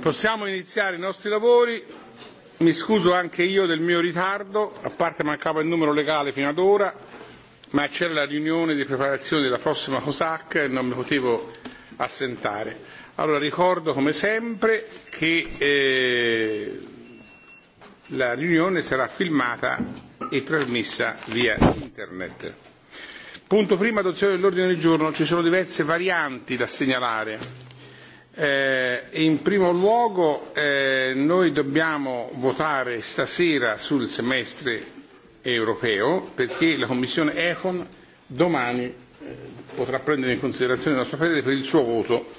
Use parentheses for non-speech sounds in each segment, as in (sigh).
Possiamo iniziare i nostri lavori. Mi scuso anche io del mio ritardo, a parte mancava il numero legale fino ad ora, ma c'era la riunione di preparazione della prossima COSAC e non mi potevo assentare. Allora ricordo come sempre che eh, la riunione sarà filmata e trasmessa via internet. Punto prima adozione dell'ordine del giorno, ci sono diverse varianti da segnalare Eh, in primo luogo eh, noi dobbiamo votare stasera sul semestre europeo perché la Commissione Econ domani eh, potrà prendere in considerazione il nostro Paese per il suo voto.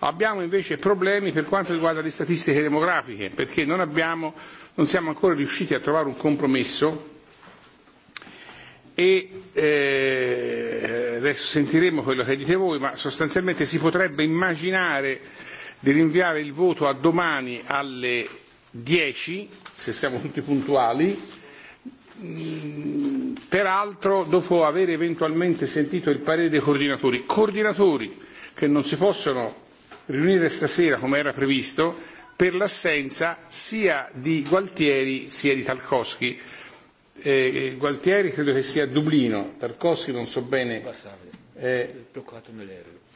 Abbiamo invece problemi per quanto riguarda le statistiche demografiche perché non, abbiamo, non siamo ancora riusciti a trovare un compromesso e eh, adesso sentiremo quello che dite voi, ma sostanzialmente si potrebbe immaginare di rinviare il voto a domani alle 10, se siamo tutti puntuali, mm, peraltro dopo aver eventualmente sentito il parere dei coordinatori. Coordinatori che non si possono riunire stasera come era previsto per l'assenza sia di Gualtieri sia di Talkowski eh, Gualtieri credo che sia a Dublino, Tarkovsky non so bene. Eh,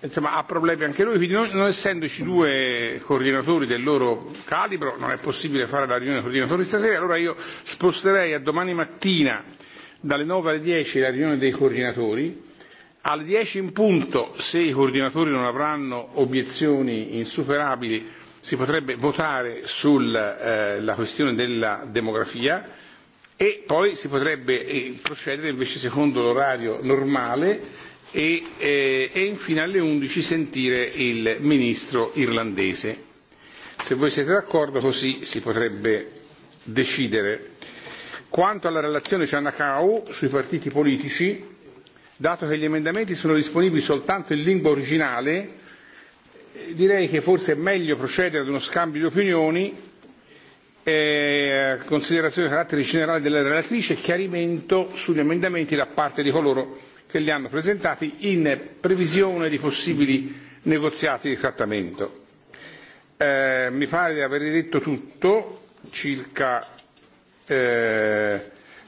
insomma ha problemi anche lui, quindi non, non essendoci due coordinatori del loro calibro non è possibile fare la riunione dei coordinatori stasera, allora io sposterei a domani mattina dalle 9 alle 10 la riunione dei coordinatori, alle 10 in punto, se i coordinatori non avranno obiezioni insuperabili, si potrebbe votare sulla eh, questione della demografia, e poi si potrebbe eh, procedere invece secondo l'orario normale e, eh, e infine alle 11 sentire il ministro irlandese. Se voi siete d'accordo così si potrebbe decidere. Quanto alla relazione Cianacau sui partiti politici, dato che gli emendamenti sono disponibili soltanto in lingua originale, eh, direi che forse è meglio procedere ad uno scambio di opinioni e considerazione di carattere generale della relatrice e chiarimento sugli emendamenti da parte di coloro che li hanno presentati in previsione di possibili negoziati di trattamento. Eh, mi pare di aver detto tutto circa eh,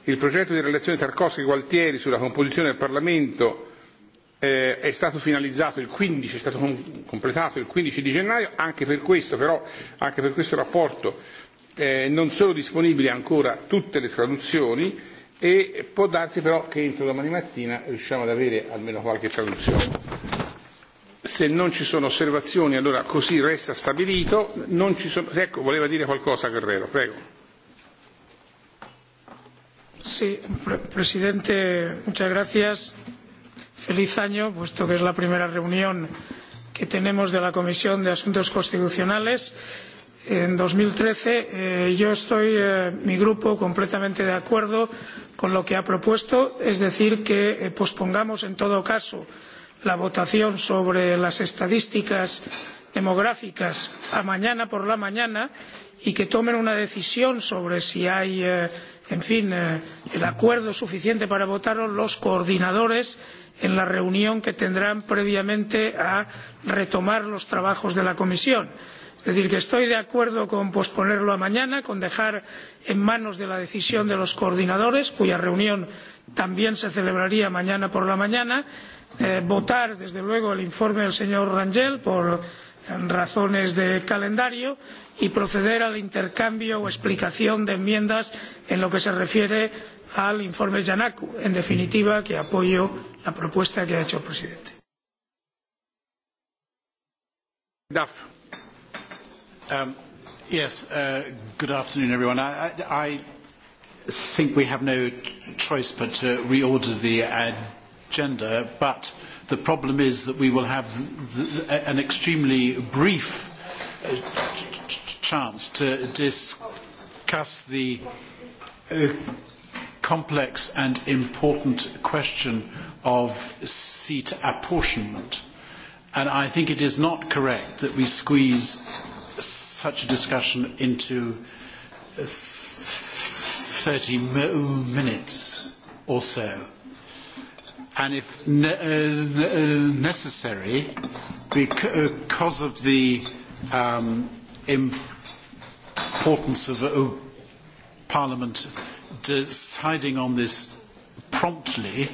il progetto di relazione Tarkovsky-Gualtieri e sulla composizione del Parlamento eh, è stato finalizzato il 15, è stato com- completato il 15 di gennaio, anche per questo però, anche per questo rapporto eh, non sono disponibili ancora tutte le traduzioni e può darsi però che entro domani mattina riusciamo ad avere almeno qualche traduzione. Se non ci sono osservazioni allora così resta stabilito. Non ci sono... Ecco, voleva dire qualcosa Guerrero, prego. Sì, pre presidente, muchas gracias. Feliz año, puesto que es la primera reunión que tenemos de la Comisión de Asuntos Constitucionales en dos mil trece eh, yo estoy eh, mi grupo completamente de acuerdo con lo que ha propuesto es decir que eh, pospongamos en todo caso la votación sobre las estadísticas demográficas a mañana por la mañana y que tomen una decisión sobre si hay en fin el acuerdo suficiente para votarlo los coordinadores en la reunión que tendrán previamente a retomar los trabajos de la comisión. por es decir que estoy de acuerdo con posponerlo a mañana con dejar en manos de la decisión de los coordinadores cuya reunión también se celebraría mañana por la mañana eh, votar desde luego el informe del señor rangel por razones de calendario y proceder al intercambio o explicación de enmiendas en lo que se refiere al informe giannakou. en definitiva que apoyo la propuesta que ha hecho el presidente. Um, yes, uh, good afternoon, everyone. I, I, I think we have no choice but to reorder the agenda, but the problem is that we will have th th an extremely brief uh, ch chance to discuss the uh, complex and important question of seat apportionment. And I think it is not correct that we squeeze such a discussion into 30 minutes or so. And if uh, ne uh, necessary, because of the um, importance of uh, Parliament deciding on this promptly,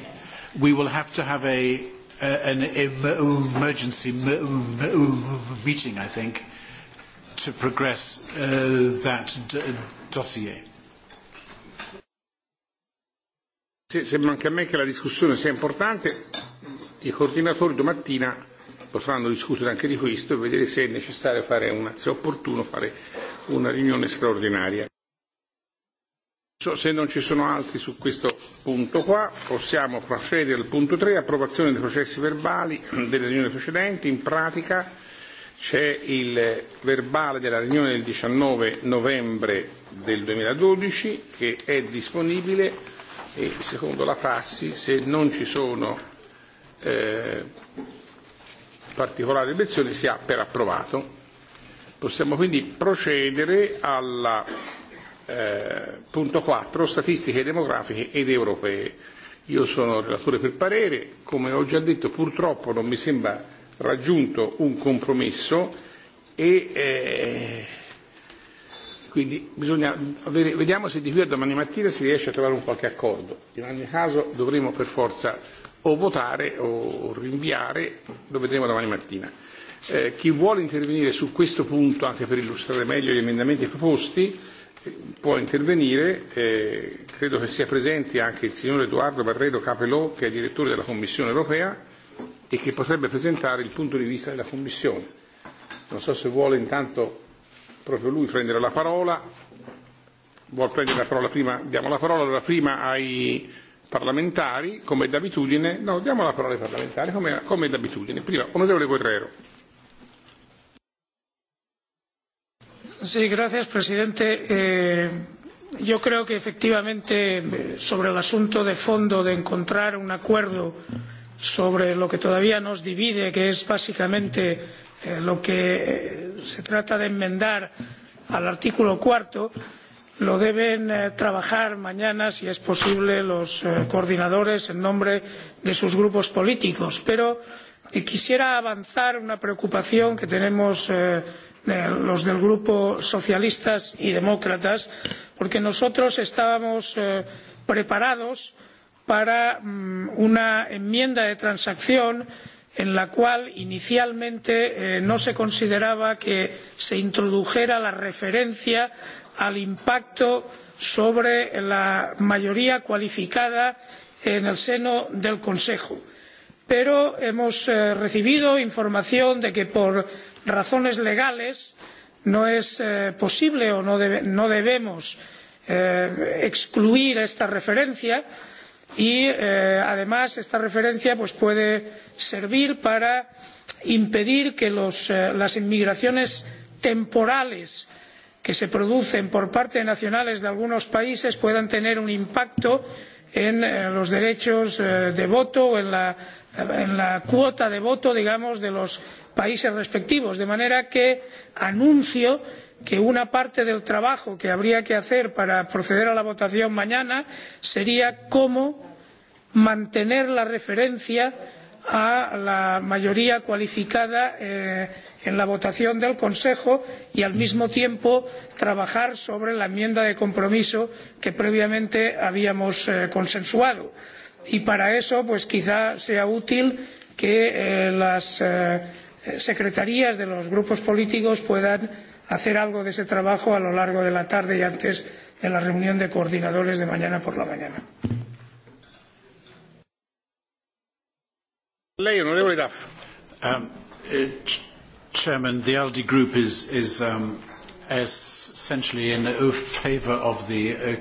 we will have to have a, a an emergency meeting, I think, to progress uh, that d- uh, dossier. Se, sembra anche a me che la discussione sia importante. I coordinatori domattina potranno discutere anche di questo e vedere se è necessario fare una, se è opportuno fare una riunione straordinaria. So, se non ci sono altri su questo punto qua, possiamo procedere al punto 3, approvazione dei processi verbali delle riunioni precedenti. In pratica C'è il verbale della riunione del 19 novembre del 2012 che è disponibile e secondo la prassi se non ci sono eh, particolari obiezioni si ha per approvato. Possiamo quindi procedere al eh, punto 4, statistiche demografiche ed europee. Io sono relatore per parere, come ho già detto purtroppo non mi sembra raggiunto un compromesso e eh, quindi bisogna avere, vediamo se di qui a domani mattina si riesce a trovare un qualche accordo. In ogni caso dovremo per forza o votare o rinviare, lo vedremo domani mattina. Eh, chi vuole intervenire su questo punto anche per illustrare meglio gli emendamenti proposti può intervenire, eh, credo che sia presente anche il signor Edoardo Barredo Capelò che è direttore della Commissione europea e che potrebbe presentare il punto di vista della Commissione. Non so se vuole intanto proprio lui prendere la parola. Vuol prendere la parola prima? Diamo la parola allora prima ai parlamentari, come d'abitudine. No, diamo la parola ai parlamentari, come, come d'abitudine. Prima, onorevole Guerrero. Sì, grazie presidente. Eh, yo creo que efectivamente sobre el asunto de fondo de encontrar un acuerdo sobre lo que todavía nos divide que es básicamente eh, lo que eh, se trata de enmendar al artículo cuarto lo deben eh, trabajar mañana si es posible los coordinadores en nombre de sus grupos políticos pero quisiera avanzar una preocupación que tenemos los del grupo socialistas y demócratas porque nosotros estábamos preparados para para mm, una enmienda de transacción en la cual inicialmente eh, no se consideraba que se introdujera la referencia al impacto sobre la mayoría cualificada en el seno del consejo pero hemos eh, recibido información de que por razones legales no es eh, posible o no, debe, no debemos eh, excluir esta referencia y y eh, además esta referencia puede servir para impedir que eh, las inmigraciones temporales que se producen por parte de nacionales de algunos países puedan tener un impacto en eh, los derechos de voto o en la, cuota de voto digamos de los países respectivos de manera que anuncio que que una parte del trabajo que habría que hacer para proceder a la votación mañana sería cómo mantener la referencia a la mayoría cualificada eh, en la votación del consejo y al mismo tiempo trabajar sobre la enmienda de compromiso que previamente habíamos eh, consensuado. y para eso pues, quizá sea útil que eh, las eh, secretarías de los grupos políticos puedan hacer algo de ese trabajo a lo largo de la tarde y antes en la reunión de coordinadores de mañana por la mañana. Um, uh, Chairman, the ALDE group is, is um, essentially in favour of the uh,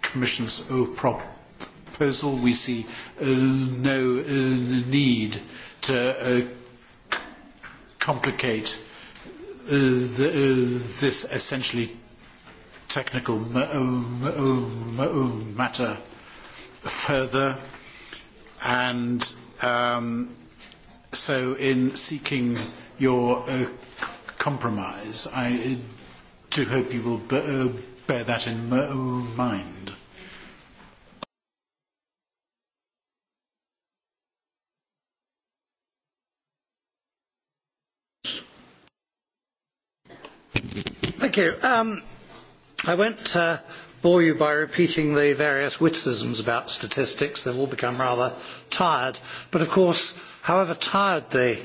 Commission's proposal. We see uh, no uh, need to uh, complicate Uh, the, uh, this essentially technical uh, matter further and um, so in seeking your uh, compromise I do hope you will bear that in mind. Thank you. Um, I won't uh, bore you by repeating the various witticisms about statistics. They've all become rather tired. But of course, however tired the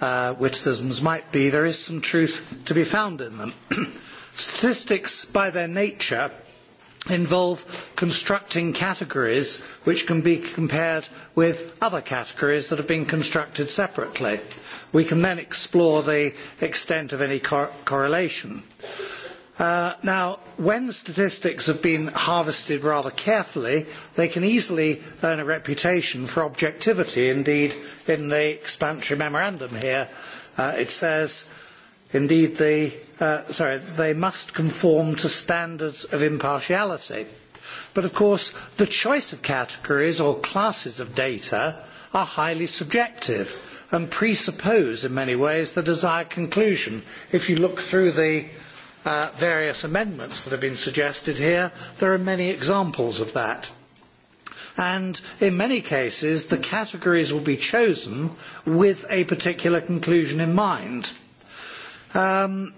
uh, witticisms might be, there is some truth to be found in them. (clears throat) statistics, by their nature, involve constructing categories which can be compared with other categories that have been constructed separately we can then explore the extent of any cor correlation. Uh, now, when statistics have been harvested rather carefully, they can easily earn a reputation for objectivity. Indeed, in the explanatory memorandum here, uh, it says, indeed, the, uh, sorry, they must conform to standards of impartiality. Uh, But of course, the choice of categories or classes of data are highly subjective and presuppose in many ways the desired conclusion. If you look through the uh, various amendments that have been suggested here, there are many examples of that. And in many cases, the categories will be chosen with a particular conclusion in mind. Um,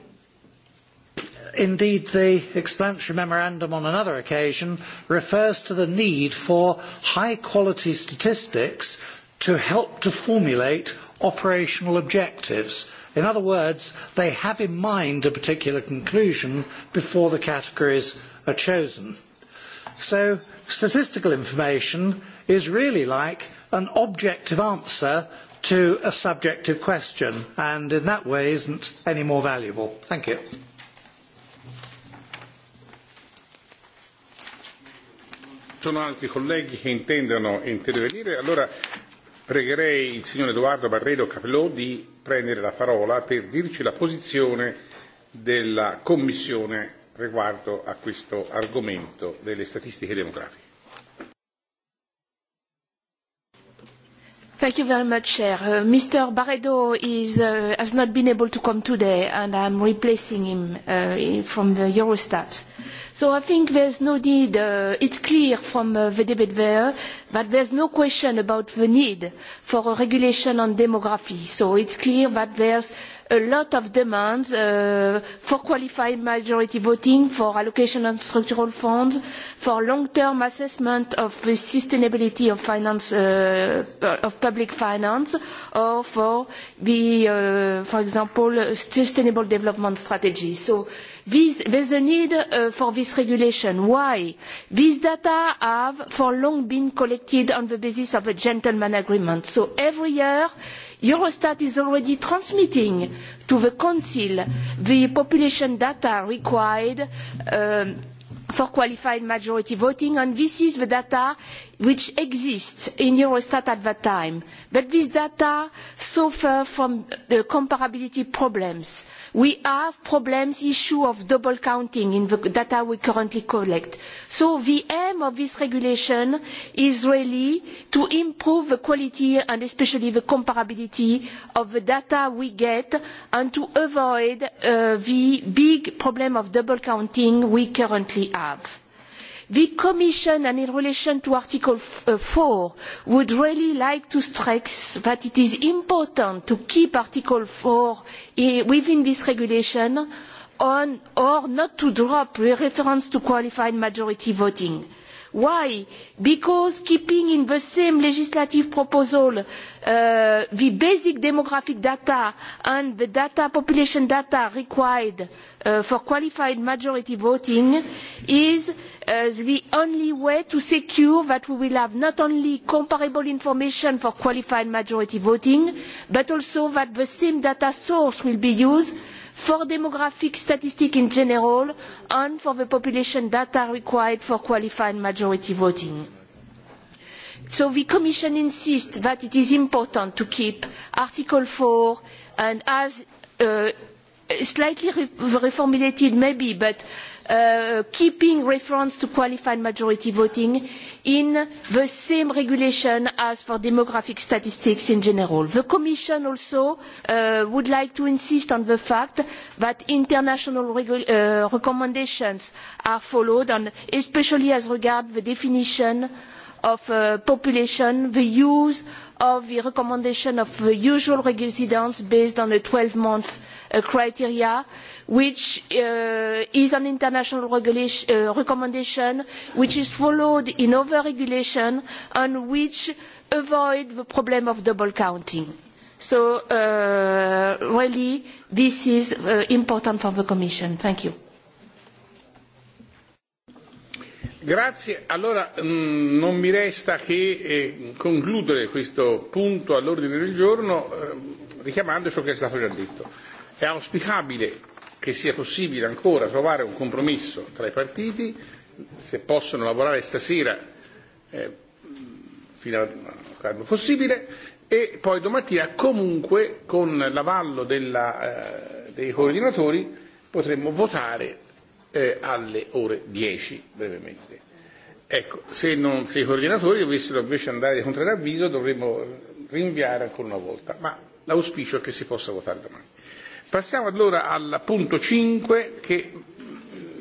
indeed, the explanatory memorandum on another occasion refers to the need for high quality statistics to help to formulate operational objectives. In other words, they have in mind a particular conclusion before the categories are chosen. So, statistical information is really like an objective answer to a subjective question and in that way is not any more valuable. Thank you. sono altri colleghi che intendono intervenire, allora pregherei il signor Edoardo Barredo Capelò di prendere la parola per dirci la posizione della Commissione riguardo a questo argomento delle statistiche demografiche. Thank you very much, Chair. Uh, Mr. Barredo is, uh, has not been able to come today, and I'm replacing him uh, from the Eurostat. So I think there is no need, uh, it's clear from uh, the debate there that there is no question about the need for a regulation on demography. So it is clear that there is a lot of demands uh, for qualified majority voting, for allocation of structural funds, for long-term assessment of the sustainability of, finance, uh, uh, of public finance, or for, the, uh, for example, sustainable development strategy. So there is a need uh, for this regulation. why? these data have for long been collected on the basis of a gentleman agreement so every year eurostat is already transmitting to the council the population data required um, for qualified majority voting and this is the data which exists in Eurostat at that time. But these data suffer from the comparability problems. We have problems, issue of double counting in the data we currently collect. So the aim of this regulation is really to improve the quality and especially the comparability of the data we get and to avoid uh, the big problem of double counting we currently have the commission and in relation to article uh, four would really like to stress that it is important to keep article four within this regulation on, or not to drop the reference to qualified majority voting why? because keeping in the same legislative proposal uh, the basic demographic data and the data, population data required uh, for qualified majority voting is uh, the only way to secure that we will have not only comparable information for qualified majority voting but also that the same data source will be used for demographic statistics in general and for the population data required for qualified majority voting. So the Commission insists that it is important to keep Article four and as uh, slightly re reformulated maybe, but Uh, keeping reference to qualified majority voting in the same regulation as for demographic statistics in general. the commission also uh, would like to insist on the fact that international uh, recommendations are followed and especially as regards the definition of population the use of the recommendation of the usual residence based on a twelve month uh, criteria which uh, is an international uh, recommendation which is followed in other regulations and which avoids the problem of double counting. so really this is important for the commission. thank you. Grazie, allora mm, non mi resta che eh, concludere questo punto all'ordine del giorno eh, richiamando ciò che è stato già detto. È auspicabile che sia possibile ancora trovare un compromesso tra i partiti, se possono lavorare stasera eh, fino a quando possibile, e poi domattina comunque con l'avallo della, eh, dei coordinatori potremmo votare eh, alle ore 10 brevemente. Ecco, se non si i coordinatori dovessero invece andare contro l'avviso dovremmo rinviare ancora una volta, ma l'auspicio è che si possa votare domani. Passiamo allora al punto 5 che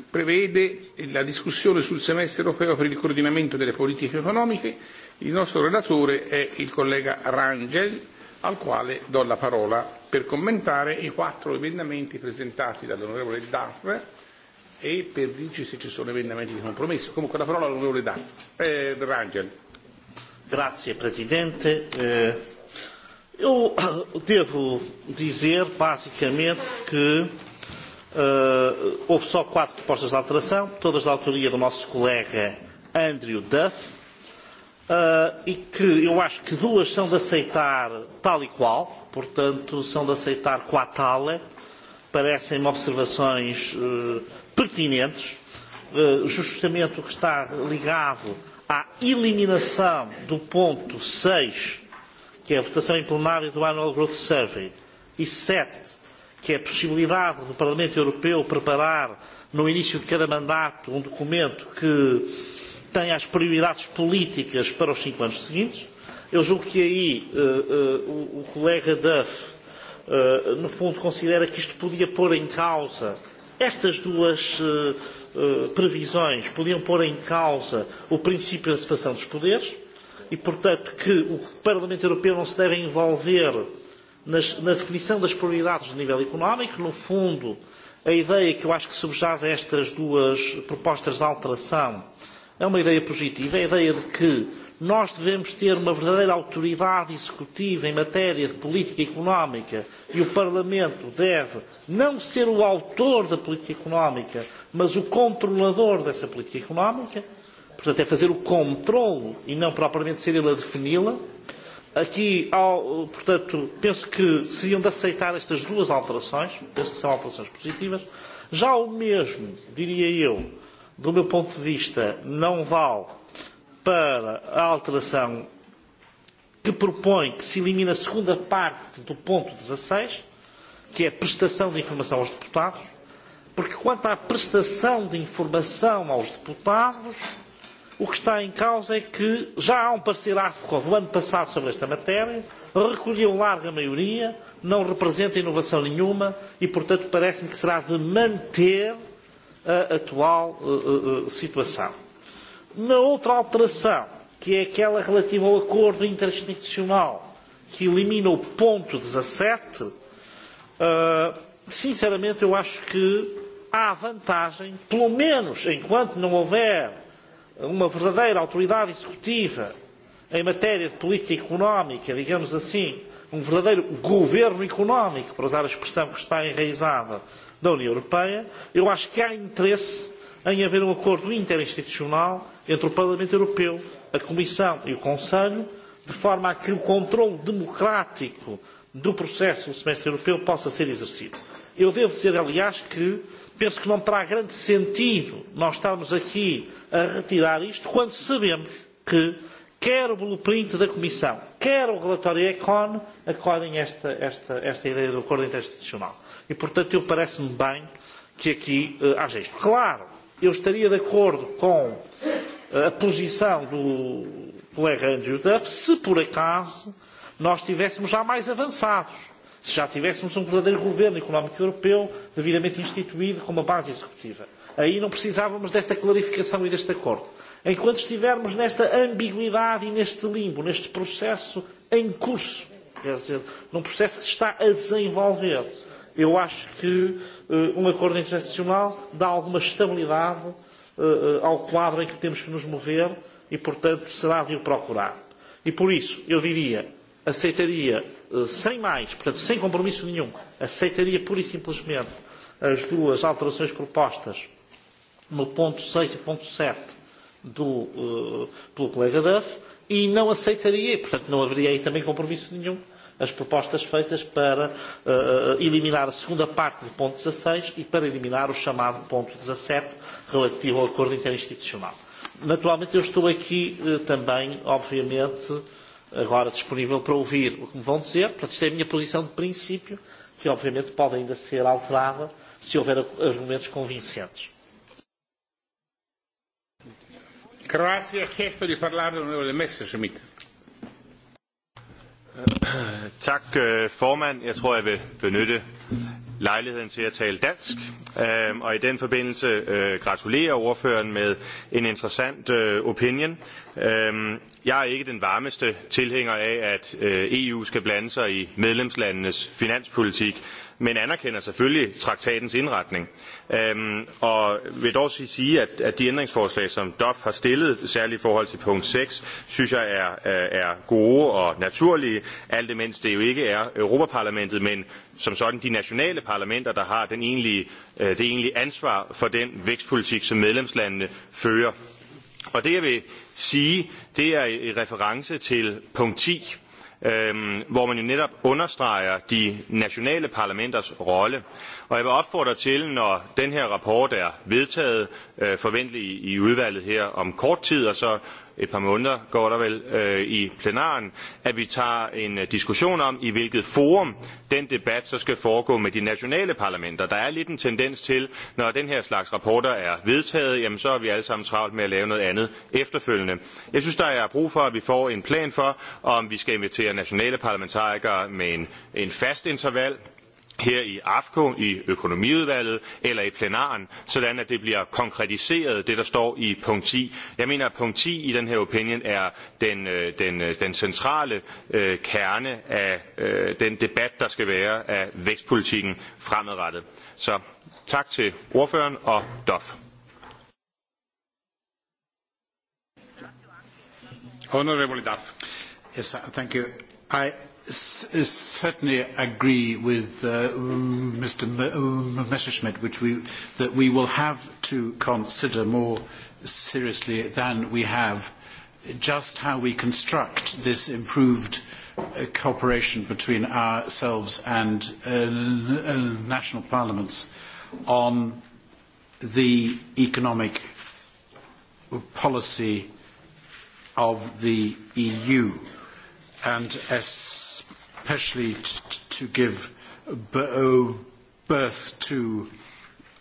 prevede la discussione sul semestre europeo per il coordinamento delle politiche economiche. Il nostro relatore è il collega Rangel, al quale do la parola per commentare i quattro emendamenti presentati dall'onorevole Daff e per dirci se ci sono emendamenti di compromesso. Comunque la parola all'onorevole Dan. Eh, Rangel. Grazie Presidente. Eh, io (coughs) devo dire basicamente che eh, houve só quatro propostas de alteração, todas da autoria do nosso colega Andrew Duff, uh, e que eu acho que duas são de aceitar tal e qual, portanto, são de aceitar com a tala, parecem-me observações uh, pertinentes, eh, justamente o que está ligado à eliminação do ponto 6, que é a votação em plenário do Annual Growth Survey, e 7, que é a possibilidade do Parlamento Europeu preparar, no início de cada mandato, um documento que tenha as prioridades políticas para os cinco anos seguintes. Eu julgo que aí uh, uh, o, o colega Duff, uh, no fundo, considera que isto podia pôr em causa uh, Estas duas uh, uh, previsões podiam pôr em causa o princípio da separação dos poderes e, portanto, que o Parlamento Europeu não se deve envolver nas, na definição das prioridades do nível económico. No fundo, a ideia que eu acho que subjaz a estas duas propostas de alteração é uma ideia positiva, é a ideia de que nós devemos ter uma verdadeira autoridade executiva em matéria de política económica e o Parlamento deve não ser o autor da política económica, mas o controlador dessa política económica, portanto é fazer o controle e não propriamente ser ele a defini-la. Aqui, ao, portanto, penso que seriam de aceitar estas duas alterações, penso que são alterações positivas. Já o mesmo, diria eu, do meu ponto de vista, não vale para a alteração que propõe que se elimine a segunda parte do ponto 16, que é a prestação de informação aos deputados, porque quanto à prestação de informação aos deputados, o que está em causa é que já há um parceiro AFCO do ano passado sobre esta matéria, recolheu larga maioria, não representa inovação nenhuma e, portanto, parece-me que será de manter a atual uh, uh, situação. Na outra alteração, que é aquela relativa ao acordo interinstitucional, que elimina o ponto 17, Uh, sinceramente, eu acho que há vantagem, pelo menos enquanto não houver uma verdadeira autoridade executiva em matéria de política económica, digamos assim, um verdadeiro governo económico, para usar a expressão que está enraizada da União Europeia, eu acho que há interesse em haver um acordo interinstitucional entre o Parlamento Europeu, a Comissão e o Conselho, de forma a que o controle democrático do processo do semestre europeu possa ser exercido. Eu devo dizer, aliás, que penso que não terá grande sentido nós estarmos aqui a retirar isto quando sabemos que quer o blueprint da Comissão, quer o relatório ECON acolhem esta, esta, esta ideia do acordo interinstitucional. E, portanto, eu parece-me bem que aqui uh, haja isto. Claro, eu estaria de acordo com eh, a posição do colega Andrew Duff se, por acaso, nós estivéssemos já mais avançados, se já tivéssemos um verdadeiro governo económico europeu devidamente instituído com uma base executiva. Aí não precisávamos desta clarificação e deste acordo. Enquanto estivermos nesta ambiguidade e neste limbo, neste processo em curso, quer dizer, num processo que se está a desenvolver, eu acho que uh, um acordo internacional dá alguma estabilidade uh, ao quadro em que temos que nos mover e, portanto, será de o procurar. E por isso, eu diria, aceitaria, eh, sem mais, portanto, sem compromisso nenhum, aceitaria pura e simplesmente as duas alterações propostas no ponto 6 e ponto 7 do, uh, pelo colega Duff e não aceitaria, e portanto não haveria aí também compromisso nenhum, as propostas feitas para uh, eliminar a segunda parte do ponto 16 e para eliminar o chamado ponto 17 relativo ao acordo interinstitucional. Naturalmente eu estou aqui uh, também, obviamente, agora disponível para ouvir o que me vão dizer. Portanto, isto é a minha posição de princípio, que obviamente pode ainda ser alterada se houver argumentos convincentes. Croácia, Messerschmidt. Tak, formand. Jeg tror, jeg vil benytte lejligheden til at tale dansk, og i den forbindelse øh, gratulerer ordføreren med en interessant øh, opinion. jeg er ikke den varmeste tilhænger af, at øh, EU skal blande sig i medlemslandenes finanspolitik, men anerkender selvfølgelig traktatens indretning. Øhm, og vil dog sige, at, at de ændringsforslag, som DOF har stillet, særligt i forhold til punkt 6, synes jeg er, øh, er gode og naturlige, alt imens det jo ikke er Europaparlamentet, men som sådan de nationale parlamenter, der har den egentlige, øh, det egentlige ansvar for den vækstpolitik, som medlemslandene fører. Og det jeg vil sige, det er i reference til punkt 10 hvor man jo netop understreger de nationale parlamenters rolle og jeg vil opfordre til når den her rapport er vedtaget øh, forventeligt i udvalget her om kort tid og så et par måneder går der vel øh, i plenaren at vi tager en øh, diskussion om i hvilket forum den debat så skal foregå med de nationale parlamenter. der er lidt en tendens til når den her slags rapporter er vedtaget jamen så har er vi alle sammen travlt med at lave noget andet efterfølgende. jeg synes der er brug for at vi får en plan for om vi skal invitere nationale parlamentarikere med en, en fast interval her i AFCO, i økonomiudvalget eller i plenaren, sådan at det bliver konkretiseret, det der står i punkt 10. Jeg mener, at punkt 10 i den her opinion er den, øh, den, øh, den centrale øh, kerne af øh, den debat, der skal være af vækstpolitikken fremadrettet. Så tak til ordføreren og DOF. Honorable Yes, thank you. I certainly agree with uh, Mr. M Messerschmidt we, that we will have to consider more seriously than we have just how we construct this improved uh, cooperation between ourselves and uh, uh national parliaments on the economic policy of the EU and especially to give birth to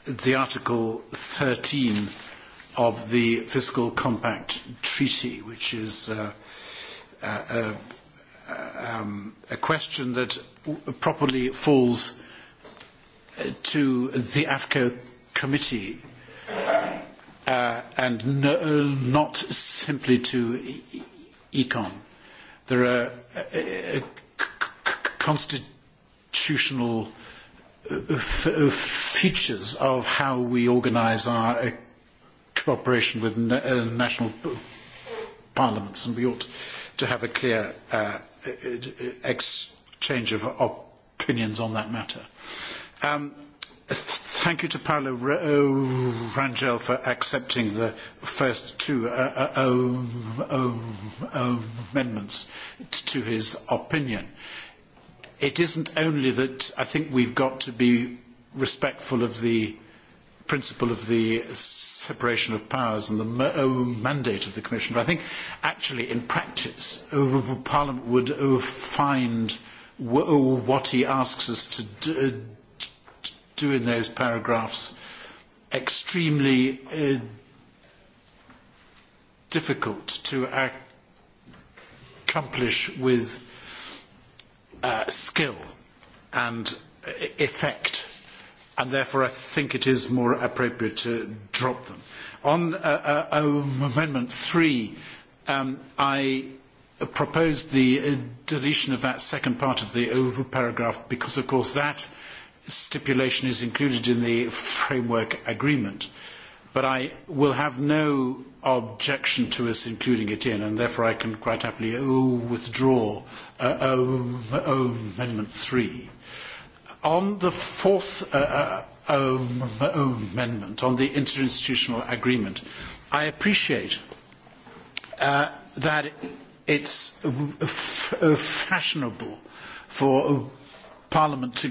the Article 13 of the Fiscal Compact Treaty, which is uh, a, uh, uh, um, a question that properly falls uh, to the AFCO committee uh, and no, not simply to Econ. E, e There are uh, uh, uh constitutional uh, uh, features of how we organise our uh, cooperation with na national parliaments, and we ought to have a clear exchange of opinions on that matter. Um, Thank you to Paolo uh, Rangel for accepting the first two uh, uh, um, um, um, amendments to his opinion. It isn't only that I think we've got to be respectful of the principle of the separation of powers and the mandate of the Commission, but I think actually in practice Parliament would find what he asks us to do do in those paragraphs extremely uh, difficult to accomplish with uh, skill and effect, and therefore I think it is more appropriate to drop them. On uh, uh oh, Amendment 3, um, I proposed the deletion of that second part of the paragraph because, of course, that – stipulation is included in the framework agreement, but I will have no objection to us including it in, and therefore I can quite happily uh, withdraw uh, um, Amendment 3. On the fourth uh, um, amendment, on the interinstitutional agreement, I appreciate uh, that it's fashionable for Parliament to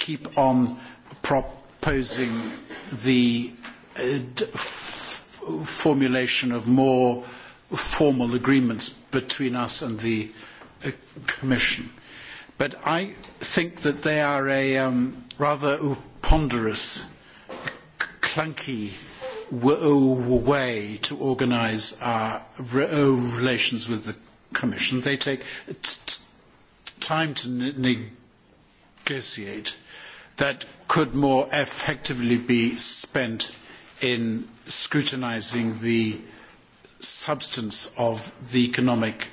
keep on proposing the uh, formulation of more formal agreements between us and the uh, Commission. But I think that they are a um, rather ponderous, clunky way to organise our re uh, relations with the Commission. They take time to negotiate that could more effectively be spent in scrutinising the substance of the economic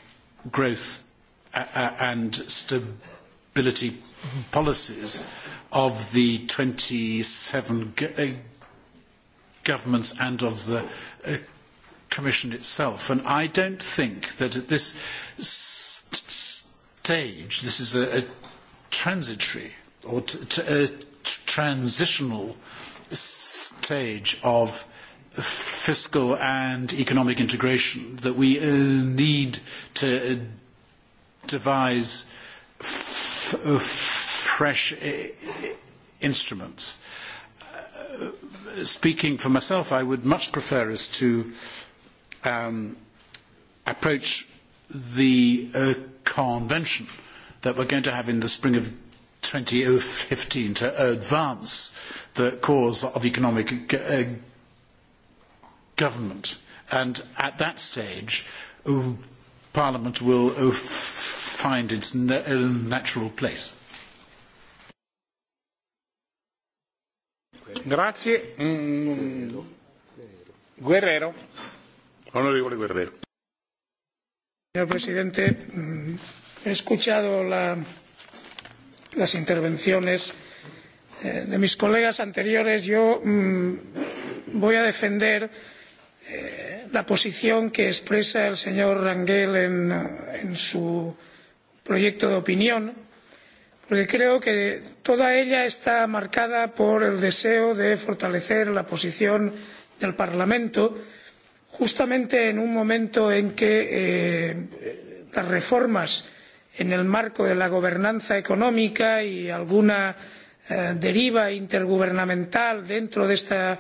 growth and stability policies of the twenty seven uh, governments and of the uh, Commission itself. And I don't think that at this stage, this is a, a transitory or uh, transitional stage of fiscal and economic integration that we uh, need to uh, devise uh, fresh uh, instruments. Uh, speaking for myself, I would much prefer us to um, approach the convention that we are going to have in the spring of 2015 to advance the cause of economic uh, government. And at that stage, uh, Parliament will uh, find its na uh, natural place. Grazie. Mm. Guerrero. Guerrero. Señor presidente, mm, he escuchado la las intervenciones eh, de mis colegas anteriores yo mm, voy a defender eh, la posición que expresa el señor rangel en, su proyecto de opinión porque creo que toda ella está marcada por el deseo de fortalecer la posición del parlamento justamente en un momento en que eh, las reformas en el marco de la gobernanza económica y alguna eh, deriva intergubernamental dentro eh, de,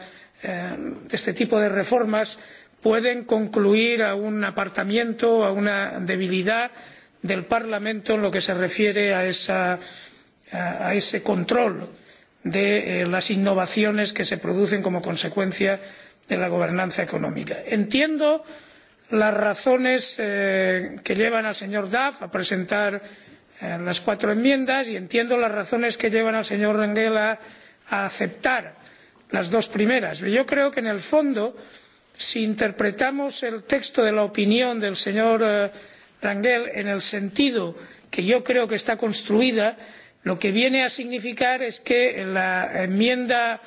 este tipo de reformas pueden concluir a un apartamiento a una debilidad del parlamento en lo que se refiere a, ese control de eh, las innovaciones que se producen como consecuencia de la gobernanza económica. entiendo que las razones eh, que llevan al señor duff a presentar eh, las cuatro enmiendas y entiendo las razones que llevan al señor rengel a, aceptar las dos primeras. yo creo que en el fondo si interpretamos el texto de la opinión del señor eh, rangel en el sentido que yo creo que está construida lo que viene a significar es que la enmienda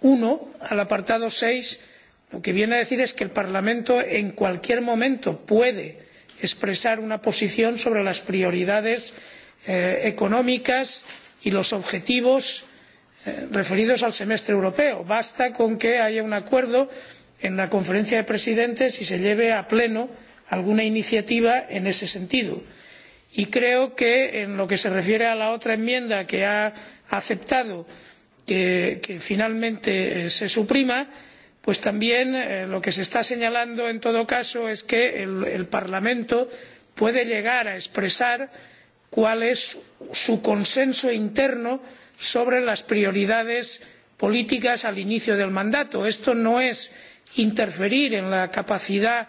uno al apartado seis lo que viene a decir es que el parlamento en cualquier momento puede expresar una posición sobre las prioridades eh, económicas y los objetivos eh, referidos al semestre europeo. basta con que haya un acuerdo en la conferencia de presidentes y se lleve a pleno alguna iniciativa en ese sentido. y creo que en lo que se refiere a la otra enmienda que ha aceptado que, que finalmente eh, se suprima pues también eh, lo que se está señalando en todo caso es que el, el parlamento puede llegar a expresar cuál es su consenso interno sobre las prioridades políticas al inicio del mandato. esto no es interferir en la capacidad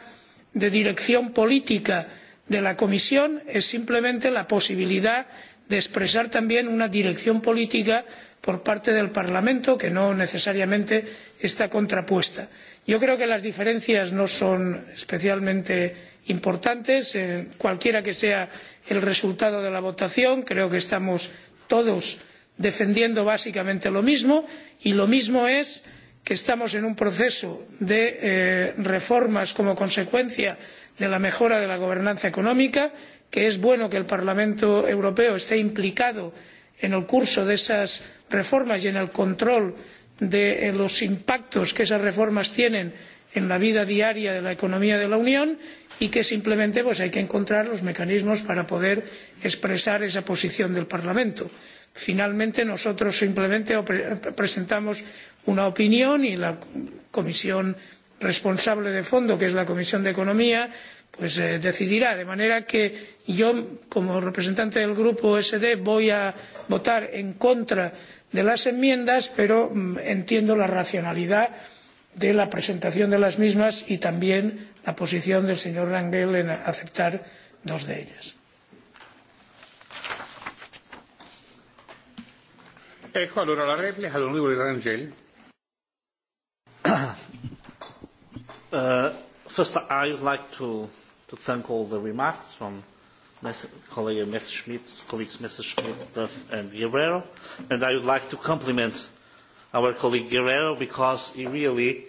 de dirección política de la comisión es simplemente la posibilidad de expresar también una dirección política por parte del parlamento que no necesariamente está contrapuesta. yo creo que las diferencias no son especialmente importantes eh, cualquiera que sea el resultado de la votación creo que estamos todos defendiendo básicamente lo mismo y lo mismo es que estamos en un proceso de eh, reformas como consecuencia de la mejora de la gobernanza económica que es bueno que el parlamento europeo esté implicado en el curso de esas reformas y en el control de eh, los impactos que esas reformas tienen en la vida diaria de la economía de la unión y que simplemente hay que encontrar los mecanismos para poder expresar esa posición del parlamento. finalmente nosotros simplemente presentamos una opinión y la comisión responsable de fondo que es la comisión de economía pues, eh, decidirá de manera que yo como representante del grupo sd voy a votar en contra de de las enmiendas pero mm, entiendo la racionalidad de la presentación de las mismas y también la posición del señor rangel en aceptar dos de ellas. (coughs) Uh, thank all the remarks from colleague Messerschmidt, colleagues Messerschmidt and Guerrero. And I would like to compliment our colleague Guerrero because he really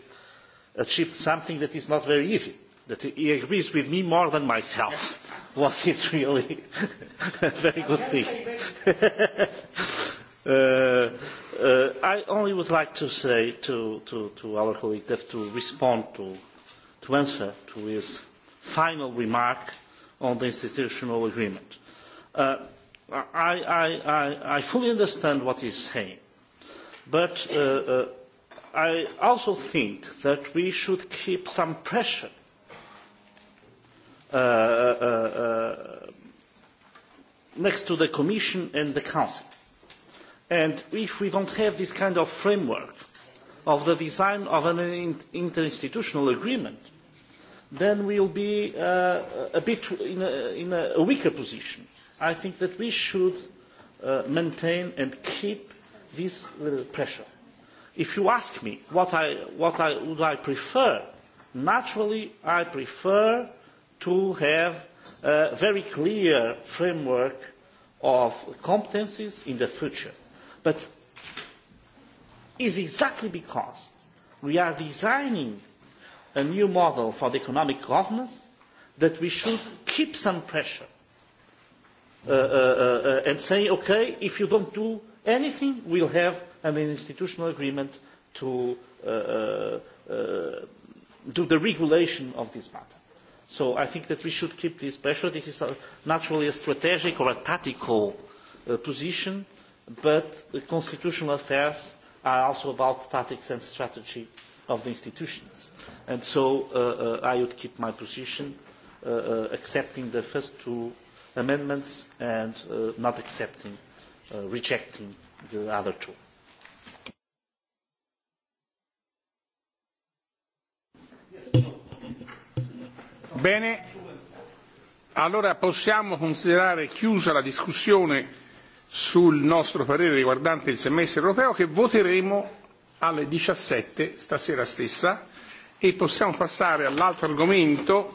achieved something that is not very easy. That he agrees with me more than myself, (laughs) what is really (laughs) a very good thing. (laughs) uh, uh, I only would like to say to, to, to our colleague Dev to respond to, to answer to his final remark on the institutional agreement. Uh, I, I, I, fully understand what he is saying, but uh, uh, I also think that we should keep some pressure uh, uh, uh, next to the Commission and the Council. And if we don't have this kind of framework of the design of an interinstitutional agreement, then we will be uh, a bit in a, in a weaker position. I think that we should uh, maintain and keep this little pressure. If you ask me what I, what I would I prefer, naturally I prefer to have a very clear framework of competencies in the future. But it is exactly because we are designing a new model for the economic governance that we should keep some pressure uh, uh, uh, uh, and say, okay, if you don't do anything, we'll have an institutional agreement to uh, uh, uh, do the regulation of this matter. So I think that we should keep this pressure. This is a, naturally a strategic or a tactical uh, position, but the constitutional affairs are also about tactics and strategy of the institutions. And so uh, uh, I would keep my position, uh, uh, accepting the first two amendments and uh, not accepting, uh, rejecting the other two. Bene, allora possiamo considerare chiusa la discussione sul nostro parere riguardante il semestre europeo che voteremo alle 17 stasera stessa e possiamo passare all'altro argomento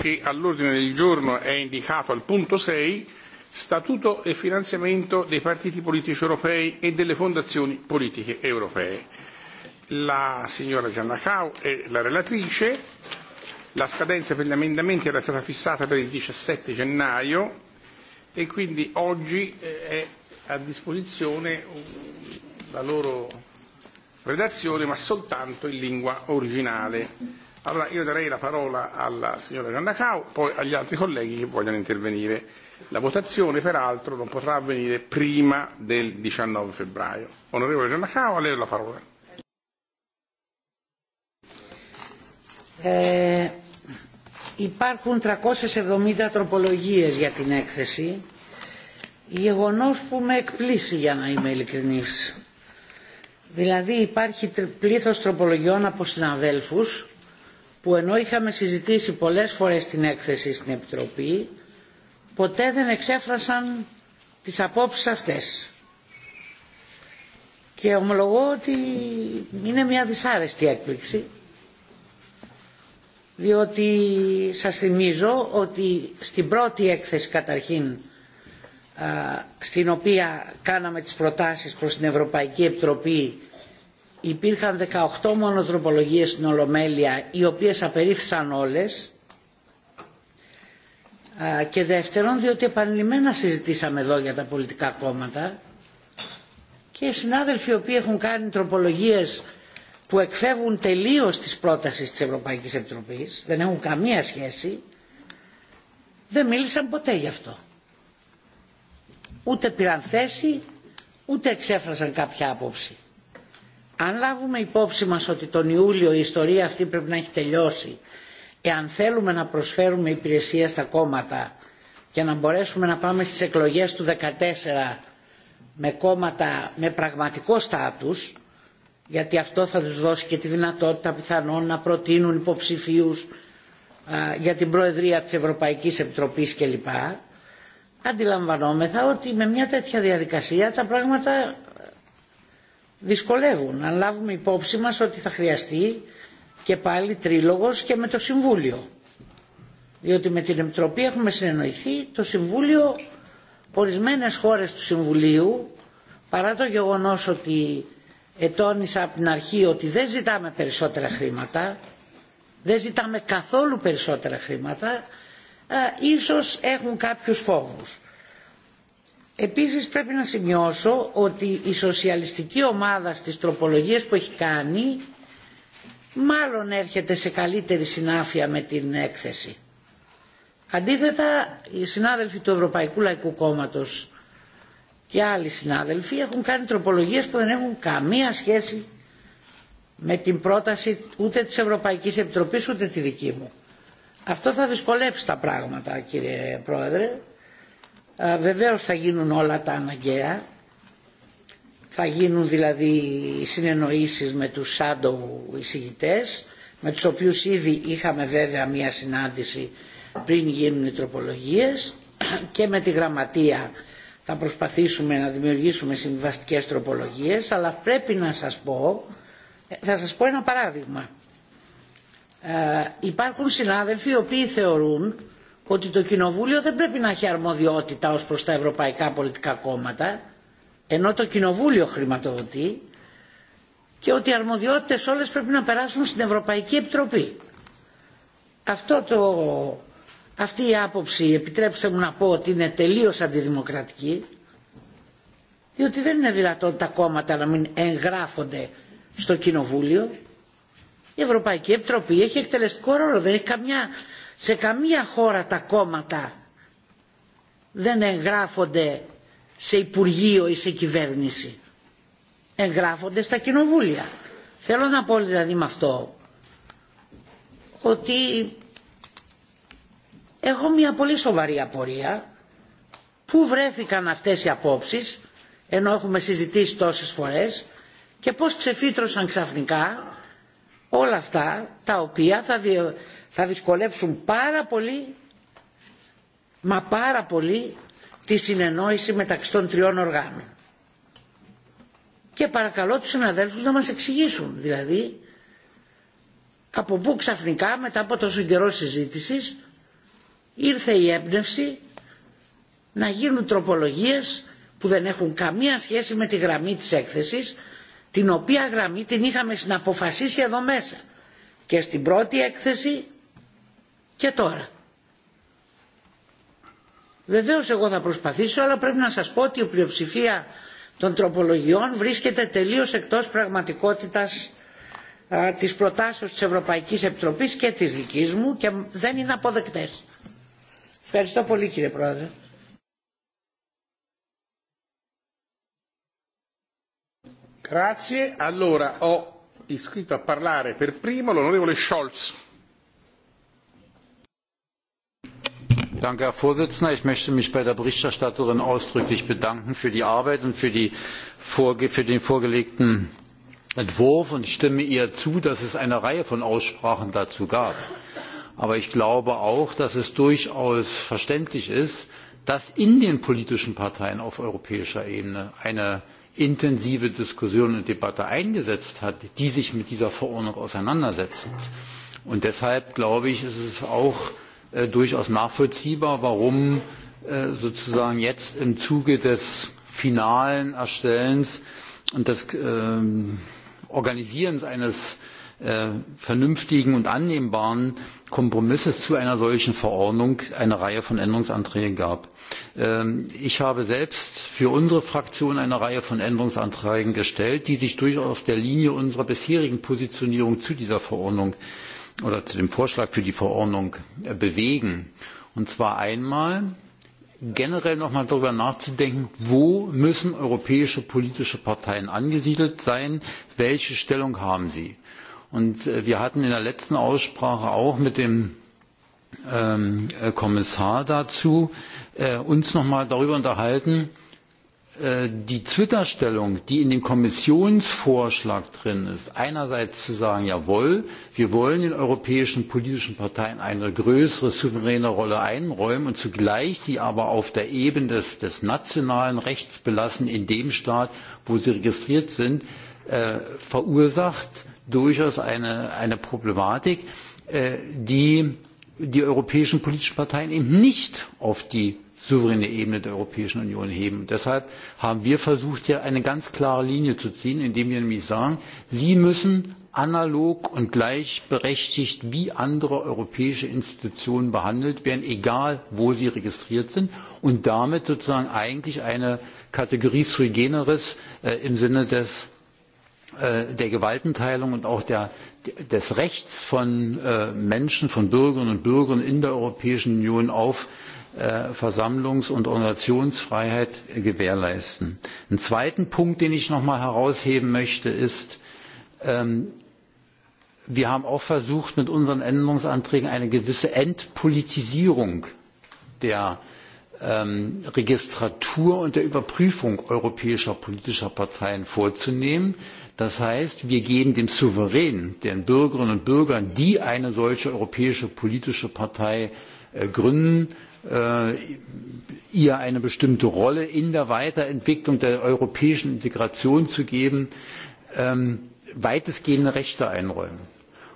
che all'ordine del giorno è indicato al punto 6, statuto e finanziamento dei partiti politici europei e delle fondazioni politiche europee. La signora Giannacau è la relatrice, la scadenza per gli emendamenti era stata fissata per il 17 gennaio e quindi oggi eh, è a disposizione la loro redazione, ma soltanto in lingua originale. Allora io darei la parola alla signora Giannacau, poi agli altri colleghi che vogliono intervenire. La votazione, peraltro, non potrà avvenire prima del 19 febbraio. Onorevole Giannacau, a lei la parola. Eh... υπάρχουν 370 τροπολογίες για την έκθεση, γεγονός που με εκπλήσει για να είμαι ειλικρινής Δηλαδή υπάρχει πλήθος τροπολογιών από συναδέλφους που ενώ είχαμε συζητήσει πολλές φορές την έκθεση στην Επιτροπή ποτέ δεν εξέφρασαν τις απόψεις αυτές. Και ομολογώ ότι είναι μια δυσάρεστη έκπληξη διότι σας θυμίζω ότι στην πρώτη έκθεση καταρχήν στην οποία κάναμε τις προτάσεις προς την Ευρωπαϊκή Επιτροπή υπήρχαν 18 μόνο τροπολογίες στην Ολομέλεια οι οποίες απερίφθησαν όλες και δεύτερον διότι επανειλημμένα συζητήσαμε εδώ για τα πολιτικά κόμματα και οι συνάδελφοι οι οποίοι έχουν κάνει τροπολογίες που εκφεύγουν τελείως τις πρότασεις της Ευρωπαϊκής Επιτροπής, δεν έχουν καμία σχέση, δεν μίλησαν ποτέ γι' αυτό. Ούτε πήραν θέση, ούτε εξέφρασαν κάποια άποψη αν λάβουμε υπόψη μας ότι τον Ιούλιο η ιστορία αυτή πρέπει να έχει τελειώσει, εάν θέλουμε να προσφέρουμε υπηρεσία στα κόμματα και να μπορέσουμε να πάμε στις εκλογές του 2014 με κόμματα με πραγματικό στάτους, γιατί αυτό θα τους δώσει και τη δυνατότητα πιθανόν να προτείνουν υποψηφίους α, για την Προεδρία της Ευρωπαϊκής Επιτροπής κλπ. Αντιλαμβανόμεθα ότι με μια τέτοια διαδικασία τα πράγματα δυσκολεύουν. Αν λάβουμε υπόψη μας ότι θα χρειαστεί και πάλι τρίλογος και με το Συμβούλιο. Διότι με την Επιτροπή έχουμε συνεννοηθεί, το Συμβούλιο, ορισμένες χώρες του Συμβουλίου, παρά το γεγονός ότι ετώνησα από την αρχή ότι δεν ζητάμε περισσότερα χρήματα, δεν ζητάμε καθόλου περισσότερα χρήματα, ίσως έχουν κάποιους φόβους. Επίσης πρέπει να σημειώσω ότι η σοσιαλιστική ομάδα στις τροπολογίες που έχει κάνει μάλλον έρχεται σε καλύτερη συνάφεια με την έκθεση. Αντίθετα, οι συνάδελφοι του Ευρωπαϊκού Λαϊκού Κόμματος και άλλοι συνάδελφοι έχουν κάνει τροπολογίες που δεν έχουν καμία σχέση με την πρόταση ούτε της Ευρωπαϊκής Επιτροπής ούτε τη δική μου. Αυτό θα δυσκολέψει τα πράγματα κύριε Πρόεδρε Βεβαίως θα γίνουν όλα τα αναγκαία. Θα γίνουν δηλαδή συνεννοήσεις με τους σάντο εισηγητές, με τους οποίους ήδη είχαμε βέβαια μία συνάντηση πριν γίνουν οι τροπολογίες και με τη γραμματεία θα προσπαθήσουμε να δημιουργήσουμε συμβαστικές τροπολογίες, αλλά πρέπει να σας πω, θα σας πω ένα παράδειγμα. Ε, υπάρχουν συνάδελφοι οι οποίοι θεωρούν ότι το Κοινοβούλιο δεν πρέπει να έχει αρμοδιότητα ως προς τα ευρωπαϊκά πολιτικά κόμματα, ενώ το Κοινοβούλιο χρηματοδοτεί, και ότι οι αρμοδιότητες όλες πρέπει να περάσουν στην Ευρωπαϊκή Επιτροπή. Αυτό το, αυτή η άποψη, επιτρέψτε μου να πω ότι είναι τελείως αντιδημοκρατική, διότι δεν είναι δυνατόν τα κόμματα να μην εγγράφονται στο Κοινοβούλιο. Η Ευρωπαϊκή Επιτροπή έχει εκτελεστικό ρόλο, δεν έχει καμιά σε καμία χώρα τα κόμματα δεν εγγράφονται σε υπουργείο ή σε κυβέρνηση. Εγγράφονται στα κοινοβούλια. Θέλω να πω δηλαδή με αυτό ότι έχω μια πολύ σοβαρή απορία πού βρέθηκαν αυτές οι απόψεις ενώ έχουμε συζητήσει τόσες φορές και πώς ξεφύτρωσαν ξαφνικά όλα αυτά τα οποία θα, διε, θα δυσκολέψουν πάρα πολύ, μα πάρα πολύ, τη συνεννόηση μεταξύ των τριών οργάνων. Και παρακαλώ τους συναδέλφους να μας εξηγήσουν, δηλαδή, από πού ξαφνικά, μετά από τόσο καιρό συζήτηση, ήρθε η έμπνευση να γίνουν τροπολογίες που δεν έχουν καμία σχέση με τη γραμμή της έκθεσης, την οποία γραμμή την είχαμε συναποφασίσει εδώ μέσα. Και στην πρώτη έκθεση και τώρα. Βεβαίω εγώ θα προσπαθήσω, αλλά πρέπει να σα πω ότι η πλειοψηφία των τροπολογιών βρίσκεται τελείω εκτό πραγματικότητα τη προτάσεω τη Ευρωπαϊκή Επιτροπή και τη δική μου και δεν είναι αποδεκτέ. Ευχαριστώ πολύ κύριε Πρόεδρε. Grazie. Allora ho iscritto a parlare per primo l'onorevole Scholz. Herr Vorsitzender. Ich möchte mich bei der Berichterstatterin ausdrücklich bedanken für die Arbeit und für, den vorgelegten Entwurf und stimme ihr zu, dass es eine Reihe von Aussprachen dazu gab. Aber ich glaube auch, dass es durchaus verständlich ist, dass in den politischen Parteien auf europäischer Ebene eine intensive Diskussion und Debatte eingesetzt hat, die sich mit dieser Verordnung auseinandersetzt. deshalb glaube ich, ist es auch Äh, durchaus nachvollziehbar, warum äh, sozusagen jetzt im Zuge des finalen Erstellens und des ähm, Organisierens eines äh, vernünftigen und annehmbaren Kompromisses zu einer solchen Verordnung eine Reihe von Änderungsanträgen gab. Ähm, ich habe selbst für unsere Fraktion eine Reihe von Änderungsanträgen gestellt, die sich durchaus auf der Linie unserer bisherigen Positionierung zu dieser Verordnung oder zu dem Vorschlag für die Verordnung äh, bewegen. Und zwar einmal generell noch einmal darüber nachzudenken, wo müssen europäische politische Parteien angesiedelt sein, welche Stellung haben sie. Und äh, wir hatten in der letzten Aussprache auch mit dem ähm, äh, Kommissar dazu äh, uns noch einmal darüber unterhalten, Äh, die Zwitterstellung, die in dem Kommissionsvorschlag drin ist, einerseits zu sagen, jawohl, wir wollen den europäischen politischen Parteien eine größere souveräne Rolle einräumen und zugleich sie aber auf der Ebene des, nationalen Rechts belassen in dem Staat, wo sie registriert sind, äh, verursacht durchaus eine, Problematik, äh, die die europäischen politischen Parteien eben nicht auf die souveräne Ebene der Europäischen Union heben. Und deshalb haben wir versucht, hier eine ganz klare Linie zu ziehen, indem wir nämlich sagen, Sie müssen analog und gleichberechtigt wie andere europäische Institutionen behandelt werden, egal wo sie registriert sind und damit sozusagen eigentlich eine Kategorie sui generis äh, im Sinne des, äh, der Gewaltenteilung und auch der, des Rechts von äh, Menschen, von Bürgerinnen und Bürgern in der Europäischen Union auf Äh, Versammlungs- und Organisationsfreiheit gewährleisten. Ein zweiten Punkt, den ich noch mal herausheben möchte, ist, ähm, wir haben auch versucht, mit unseren Änderungsanträgen eine gewisse Entpolitisierung der ähm, Registratur und der Überprüfung europäischer politischer Parteien vorzunehmen. Das heißt, wir geben dem Souverän, den Bürgerinnen und Bürgern, die eine solche europäische politische Partei äh, gründen, Äh, ihr eine bestimmte Rolle in der Weiterentwicklung der europäischen Integration zu geben, ähm, weitestgehende Rechte einräumen.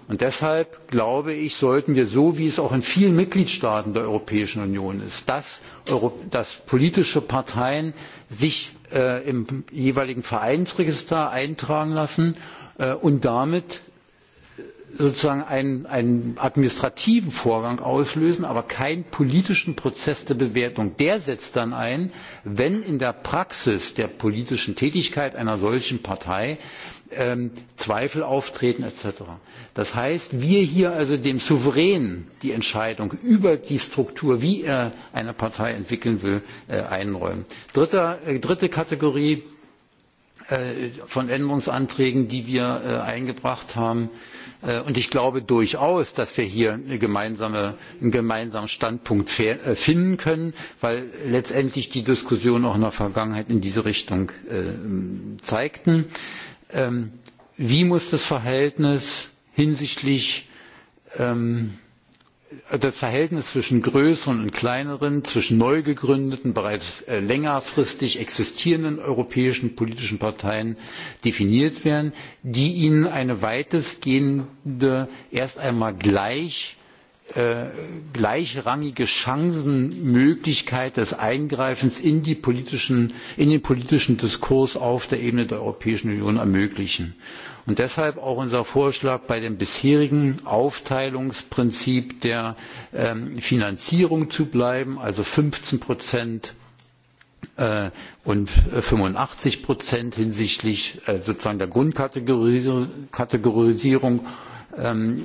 Und deshalb glaube ich, sollten wir so, wie es auch in vielen Mitgliedstaaten der Europäischen Union ist, dass, dass politische Parteien sich äh, im jeweiligen Vereinsregister eintragen lassen äh, und damit sozusagen einen, einen administrativen Vorgang auslösen, aber keinen politischen Prozess der Bewertung. Der setzt dann ein, wenn in der Praxis der politischen Tätigkeit einer solchen Partei ähm, Zweifel auftreten etc. Das heißt, wir hier also dem Souverän die Entscheidung über die Struktur, wie er eine Partei entwickeln will, äh, einräumen. Dritter, äh, dritte Kategorie Äh, von Änderungsanträgen, die wir äh, eingebracht haben. Äh, und ich glaube durchaus, dass wir hier einen gemeinsamen Standpunkt finden können, weil letztendlich die Diskussionen auch in der Vergangenheit in diese Richtung zeigten. Ähm, wie muss das Verhältnis hinsichtlich ähm, das Verhältnis zwischen größeren und kleineren, zwischen neu gegründeten, bereits äh, längerfristig existierenden europäischen politischen Parteien definiert werden, die ihnen eine weitestgehende, erst einmal gleich äh, gleichrangige Chancenmöglichkeit des Eingreifens in, in den politischen Diskurs auf der Ebene der Europäischen Union ermöglichen. Und deshalb auch unser Vorschlag bei dem bisherigen Aufteilungsprinzip der ähm, Finanzierung zu bleiben, also fünfzehn Prozent äh, und äh, fünfundachtzig hinsichtlich äh, sozusagen der Grundkategorisierung ähm,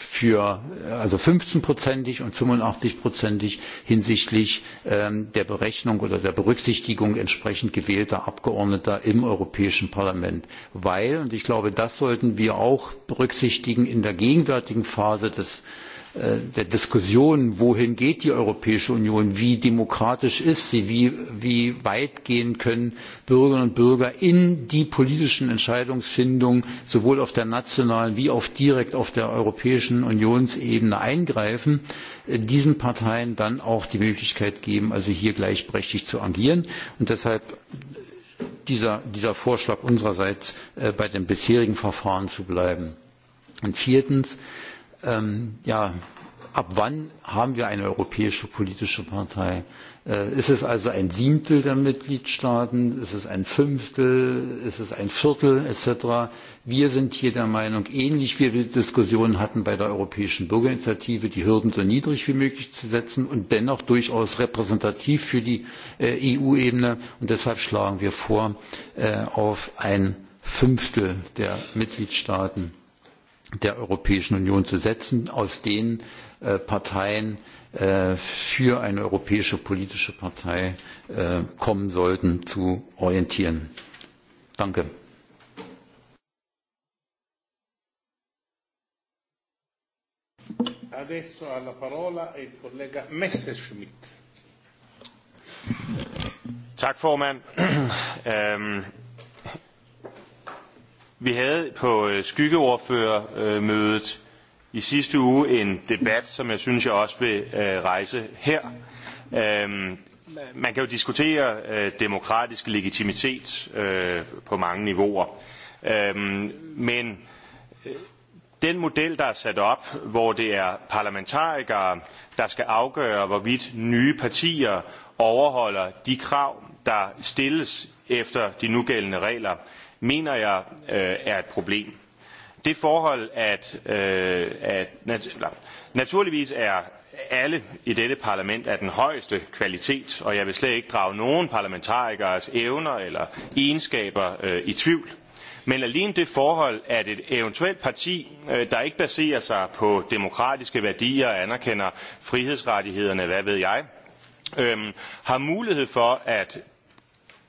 für also 15 prozentig und 85 prozentig hinsichtlich ähm, der Berechnung oder der Berücksichtigung entsprechend gewählter Abgeordneter im Europäischen Parlament. Weil, und ich glaube, das sollten wir auch berücksichtigen, in der gegenwärtigen Phase des Äh, der Diskussion, wohin geht die Europäische Union, wie demokratisch ist sie, wie, wie weit gehen können Bürgerinnen und Bürger in die politischen Entscheidungsfindungen sowohl auf der nationalen wie auch direkt auf der Europäischen Unionsebene eingreifen, äh, diesen Parteien dann auch die Möglichkeit geben, also hier gleichberechtigt zu agieren. Und deshalb dieser, dieser Vorschlag unsererseits, äh, bei dem bisherigen Verfahren zu bleiben. Und viertens, ähm, ja, ab wann haben wir eine europäische politische Partei? Äh, ist es also ein Siebtel der Mitgliedstaaten? Ist es ein Fünftel? Ist es ein Viertel etc.? Wir sind hier der Meinung, ähnlich wie wir Diskussionen hatten bei der Europäischen Bürgerinitiative, die Hürden so niedrig wie möglich zu setzen und dennoch durchaus repräsentativ für die äh, EU-Ebene. Und deshalb schlagen wir vor, äh, auf ein Fünftel der Mitgliedstaaten der Europäischen Union zu setzen, aus denen äh, Parteien äh, für eine europäische politische Partei äh, kommen sollten, zu orientieren. Danke. Tak, formand. (clears throat) vi havde på øh, skyggeordførermødet øh, i sidste uge en debat, som jeg synes, jeg også vil øh, rejse her. Man kan jo diskutere demokratisk legitimitet på mange niveauer, men den model, der er sat op, hvor det er parlamentarikere, der skal afgøre, hvorvidt nye partier overholder de krav, der stilles efter de nugældende regler, mener jeg øh, er et problem. Det forhold, at, øh, at naturligvis er alle i dette parlament af den højeste kvalitet, og jeg vil slet ikke drage nogen parlamentarikers evner eller egenskaber øh, i tvivl. Men alene det forhold, at et eventuelt parti, der ikke baserer sig på demokratiske værdier, og anerkender frihedsrettighederne, hvad ved jeg, har mulighed for at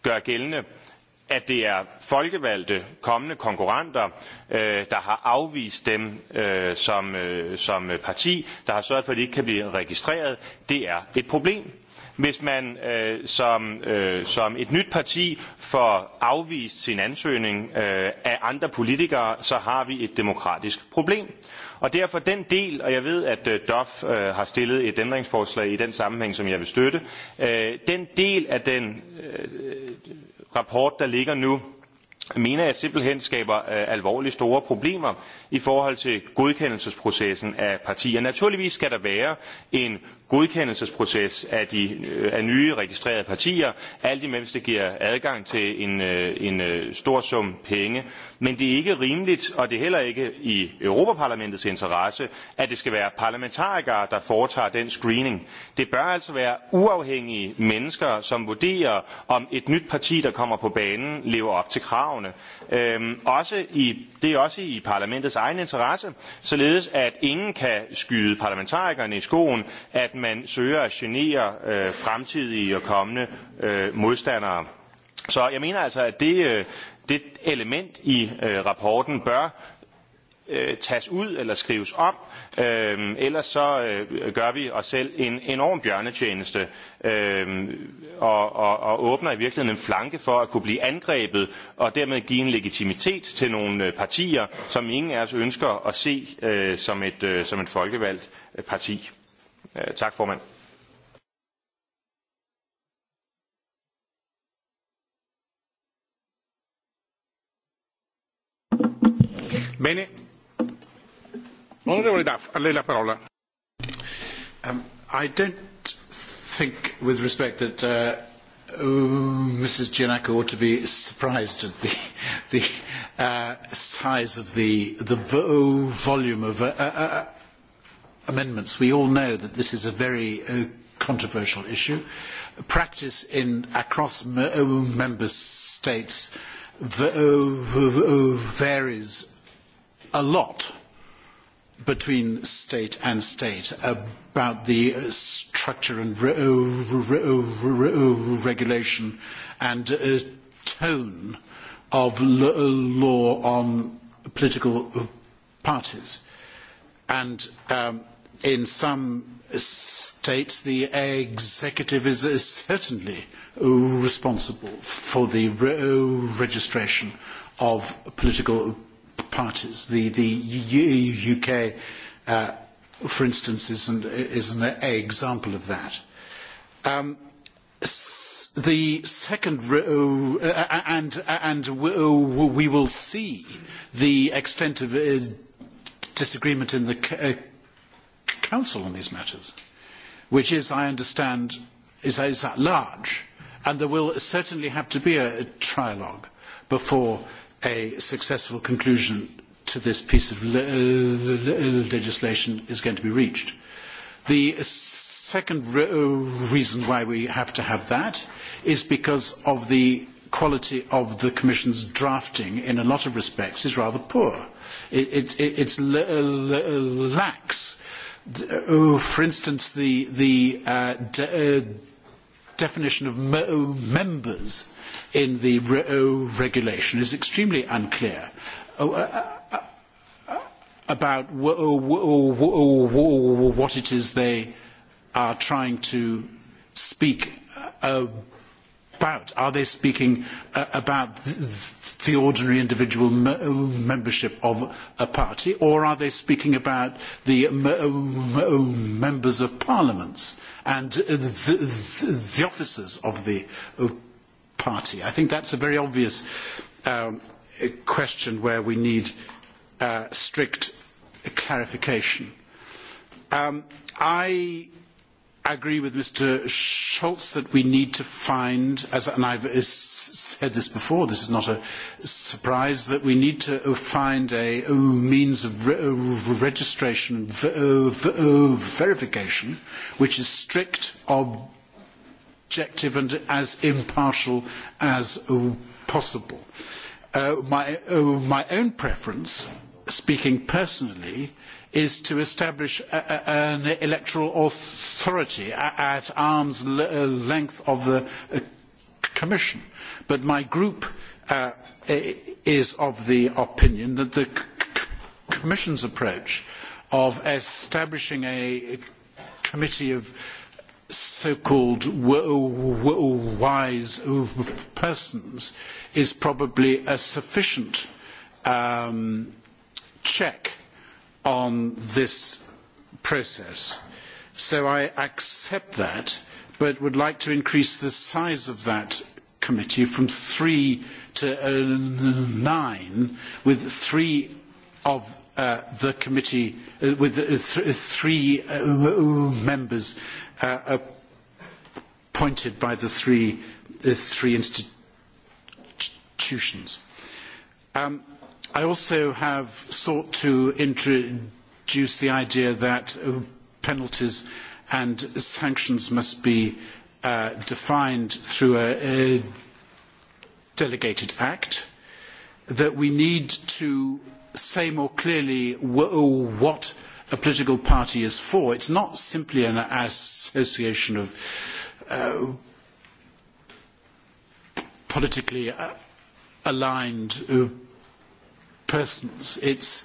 gøre gældende, at det er folkevalgte kommende konkurrenter øh, der har afvist dem øh, som, øh, som parti der har sørget for at de ikke kan blive registreret det er et problem hvis man øh, som, øh, som et nyt parti får afvist sin ansøgning øh, af andre politikere, så har vi et demokratisk problem. Og derfor den del, og jeg ved, at øh, DOF øh, har stillet et ændringsforslag i den sammenhæng, som jeg vil støtte, øh, den del af den øh, rapport der ligger nu mener jeg hen skaber øh, alvorligt store problemer i forhold til godkendelsesprocessen af partier. naturligvis skal der være en godkendelsesproces af, de, øh, af nye registrerede partier, alt imens det giver adgang til en, øh, en øh, stor sum penge. Men det er ikke rimeligt, og det er heller ikke i Europaparlamentets interesse, at det skal være parlamentarikere, der foretager den screening. Det bør altså være uafhængige mennesker, som vurderer, om et nyt parti, der kommer på banen, lever op til kravene. Øhm, også i, det er også i parlamentets egen interesse, således at ingen kan skyde parlamentarikerne i skoen, at man søger at genere øh, fremtidige og kommende øh, modstandere. Så jeg mener altså, at det, øh, det element i øh, rapporten bør øh, tages ud eller skrives om, øh, ellers så øh, gør vi os selv en enorm bjørnetjeneste øh, og, og, og åbner i virkeligheden en flanke for at kunne blive angrebet og dermed give en legitimitet til nogle øh, partier, som ingen af os ønsker at se øh, som, et, øh, som et folkevalgt øh, parti. Eh, tak, formand. Bene. Duff, a lei la parola. Um, I don't think, with respect, that uh, uh Mrs. Giannaco ought to be surprised at the, the uh, size of the, the vo volume of uh, uh, uh amendments. We all know that this is a very uh, controversial issue. Practice in across uh, member states uh, uh, varies a lot between state and state about the structure and regulation and tone of law on political parties. And um, in some states the executive is, certainly responsible for the re registration of political parties. The, the UK, uh, for instance, is an, is an example of that. Um, the second uh, and and we will see the extent of uh, disagreement in the uh, Council on these matters, which is, I understand, is, is at large, and there will certainly have to be a, a trialogue before a successful conclusion to this piece of le le legislation is going to be reached. The second re uh, reason why we have to have that is because of the quality of the Commission's drafting in a lot of respects is rather poor. It, it, it's lax Uh, oh, for instance, the, the uh, de uh, definition of oh, members in the re oh, regulation is extremely unclear. Oh, uh, about what it is they are trying to speak about uh, about? Are they speaking uh, about th the ordinary individual uh, membership of a party, or are they speaking about the uh, uh, members of parliaments and the, the officers of the party? I think that's a very obvious um, question where we need uh, strict clarification. Um, I agree with Mr. Schulz that we need to find, as, and I've said this before, this is not a surprise, that we need to find a means of registration and verification which is strict, objective, and as impartial as possible. Uh, my, uh, my own preference, speaking personally, uh, is to establish a, a, an electoral authority at arm's uh, length of the uh, Commission. But my group uh, is of the opinion that the Commission's approach of establishing a committee of so-called wise persons is probably a sufficient um, check on this process. So I accept that, but would like to increase the size of that committee from three to uh, nine, with three of uh, the committee, uh, with uh, th uh, three uh, members appointed by the three, three institutions. Um, i also have sought to introduce the idea that uh, penalties and sanctions must be uh, defined through a, a delegated act, that we need to say more clearly what a political party is for. It's not simply an association of uh, politically uh, aligned uh, persons. It is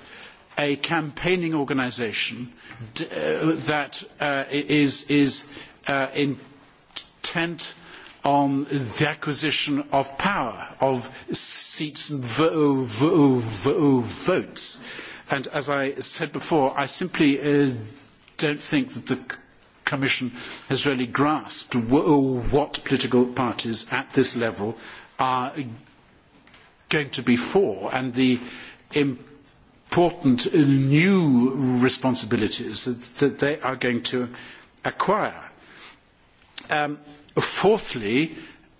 a campaigning organisation uh, that uh, is, is uh, intent on the acquisition of power, of seats and vo- vo- vo- votes. And as I said before, I simply uh, don't think that the Commission has really grasped what political parties at this level are going to be for. And the important new responsibilities that, they are going to acquire. Um, fourthly,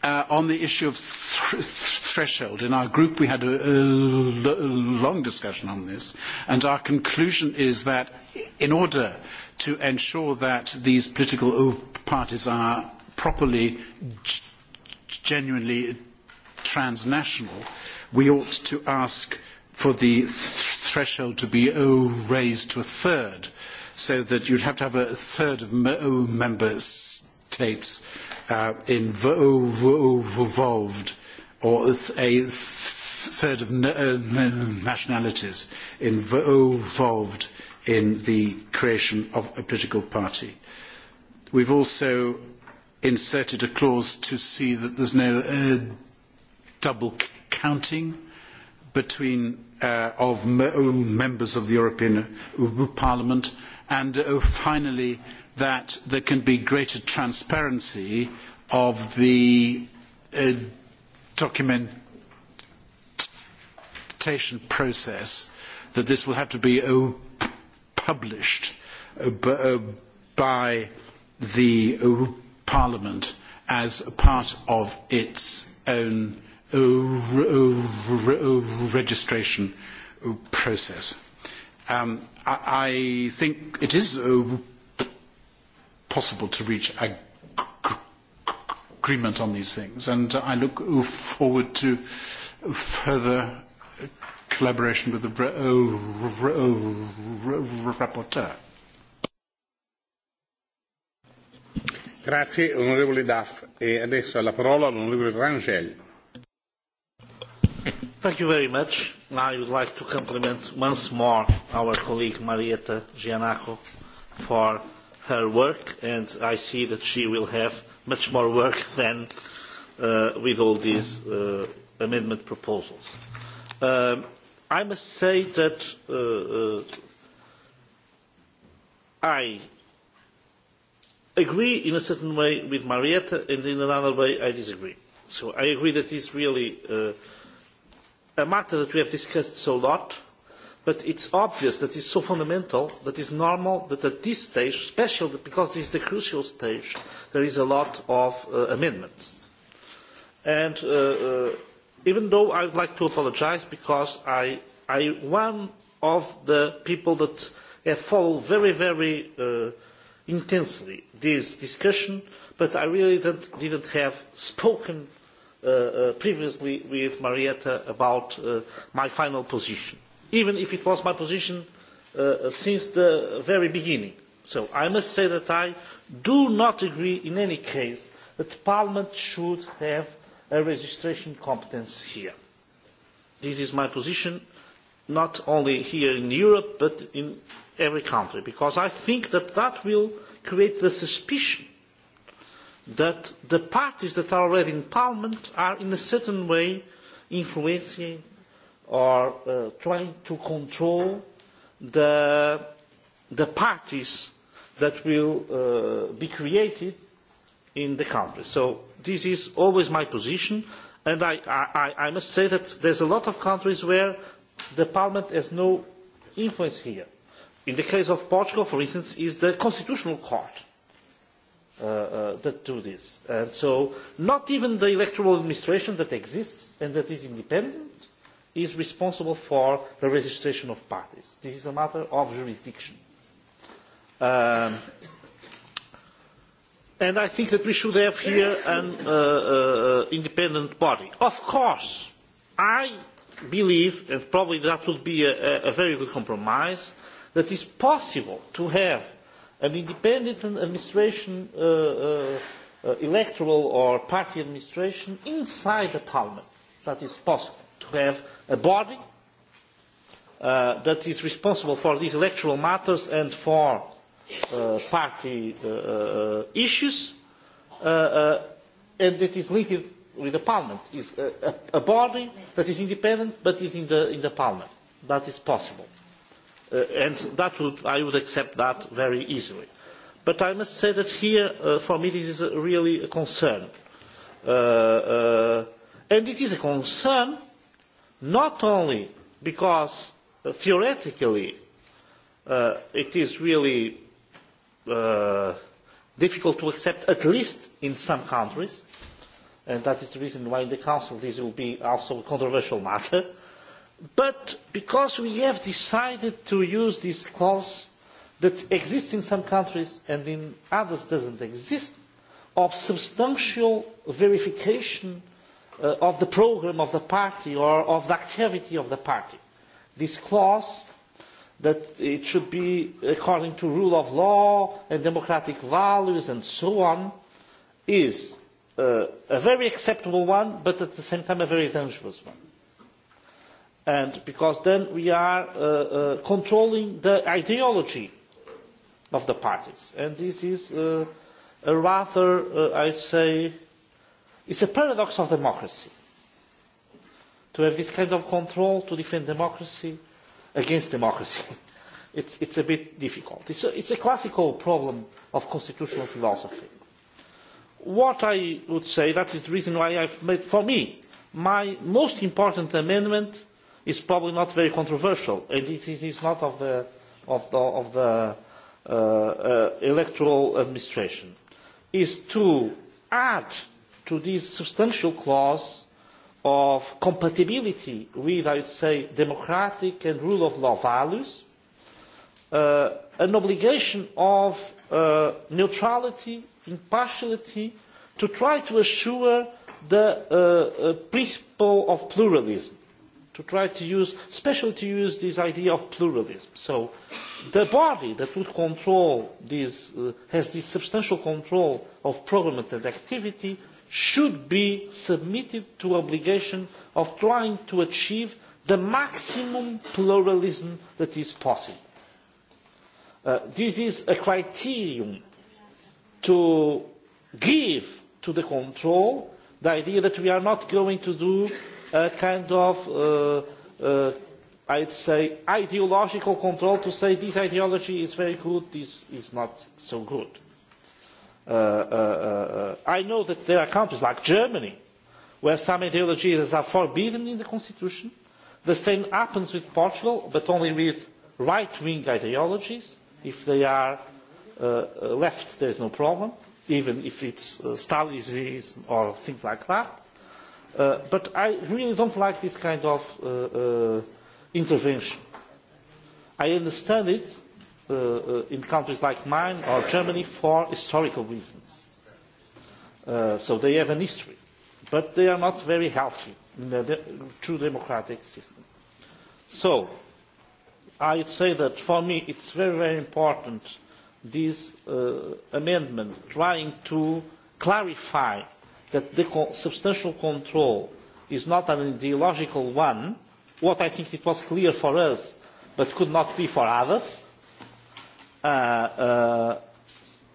uh, on the issue of threshold, in our group we had a long discussion on this, and our conclusion is that in order to ensure that these political parties are properly, genuinely transnational, we ought to ask for the th threshold to be oh, raised to a third, so that you'd have to have a third of oh, member states uh, involved, oh, oh, or a third of uh, nationalities involved oh, in the creation of a political party. We've also inserted a clause to see that there's no uh, double counting between uh, of members of the European uh, Parliament, and uh, finally that there can be greater transparency of the uh, documentation process. That this will have to be uh, published uh, by the Parliament as part of its own Uh, uh, uh, registration process. Um, I, I think it is possible to reach agreement on these things, and I look forward to further collaboration with the rapporteur. Grazie, onorevole Duff. E adesso parola l'onorevole Rangel. Thank you very much. I would like to compliment once more our colleague Marietta Giannaco for her work, and I see that she will have much more work than uh, with all these uh, amendment proposals. Um, I must say that uh, uh I agree in a certain way with Marietta, and in another way I disagree. So I agree that it's really uh, a matter that we have discussed so lot, but it is obvious that it is so fundamental, that it is normal that at this stage, especially because this is the crucial stage, there is a lot of uh, amendments. And uh, uh, even though I would like to apologise because I, I one of the people that have followed very, very uh, intensely this discussion, but I really didn't, didn't have spoken Uh, uh, previously with Marietta about uh, my final position, even if it was my position since the very beginning. So I must say that I do not agree in any case that Parliament should have a registration competence here. This is my position, not only here in Europe, but in every country, because I think that that will create the suspicion that the parties that are already in parliament are in a certain way influencing or uh, trying to control the, the parties that will uh, be created in the country. So this is always my position, and I, I, I must say that there are a lot of countries where the parliament has no influence here. In the case of Portugal, for instance, is the constitutional court Uh, uh, that do this. And so not even the electoral administration that exists and that is independent is responsible for the registration of parties. This is a matter of jurisdiction. Um, and I think that we should have here an uh, uh, independent body. Of course, I believe, and probably that would be a, a very good compromise, that it is possible to have an independent administration, uh, uh, uh, electoral or party administration inside the parliament. That is possible to have a body uh, that is responsible for these electoral matters and for uh, party uh, uh issues, uh, uh, and that is linked with the parliament. Is a, a, a body that is independent but is in the in the parliament. That is possible Uh, and I would accept that very easily. But I must say that here, uh, for me, this is really a concern. Uh, and it is a concern not only because theoretically it is really difficult to accept, at least in some countries, and that is the reason why in the Council this will be also a controversial matter, But because we have decided to use this clause that exists in some countries and in others doesn't exist, of substantial verification uh, of the programme of the party or of the activity of the party. This clause that it should be according to rule of law and democratic values and so on is uh, a very acceptable one, but at the same time a very dangerous one and because then we are uh, uh, controlling the ideology of the parties and this is uh, a rather uh, i'd say it's a paradox of democracy to have this kind of control to defend democracy against democracy (laughs) it's it's a bit difficult it's a, it's a classical problem of constitutional philosophy what i would say that is the reason why i've made for me my most important amendment is probably not very controversial, and it is not of the, of the, of the uh, uh, electoral administration, is to add to this substantial clause of compatibility with, I would say, democratic and rule of law values, uh, an obligation of uh, neutrality, impartiality, to try to assure the uh, uh, principle of pluralism to try to use, especially to use this idea of pluralism. So the body that would control this, uh, has this substantial control of programming and activity should be submitted to obligation of trying to achieve the maximum pluralism that is possible. Uh, this is a criterion to give to the control the idea that we are not going to do a kind of, uh, uh I would say, ideological control to say this ideology is very good, this is not so good. Uh, uh, I know that there are countries like Germany where some ideologies are forbidden in the constitution. The same happens with Portugal, but only with right-wing ideologies. If they are uh, left, there is no problem, even if it's uh, Stalinism or things like that. Uh, but I really don't like this kind of uh, uh, intervention. I understand it uh, uh, in countries like mine or Germany for historical reasons. Uh, so they have an history, but they are not very healthy in the de true democratic system. So I would say that for me it's very, very important this amendment trying to clarify that the substantial control is not an ideological one, what I think it was clear for us, but could not be for others, uh, uh,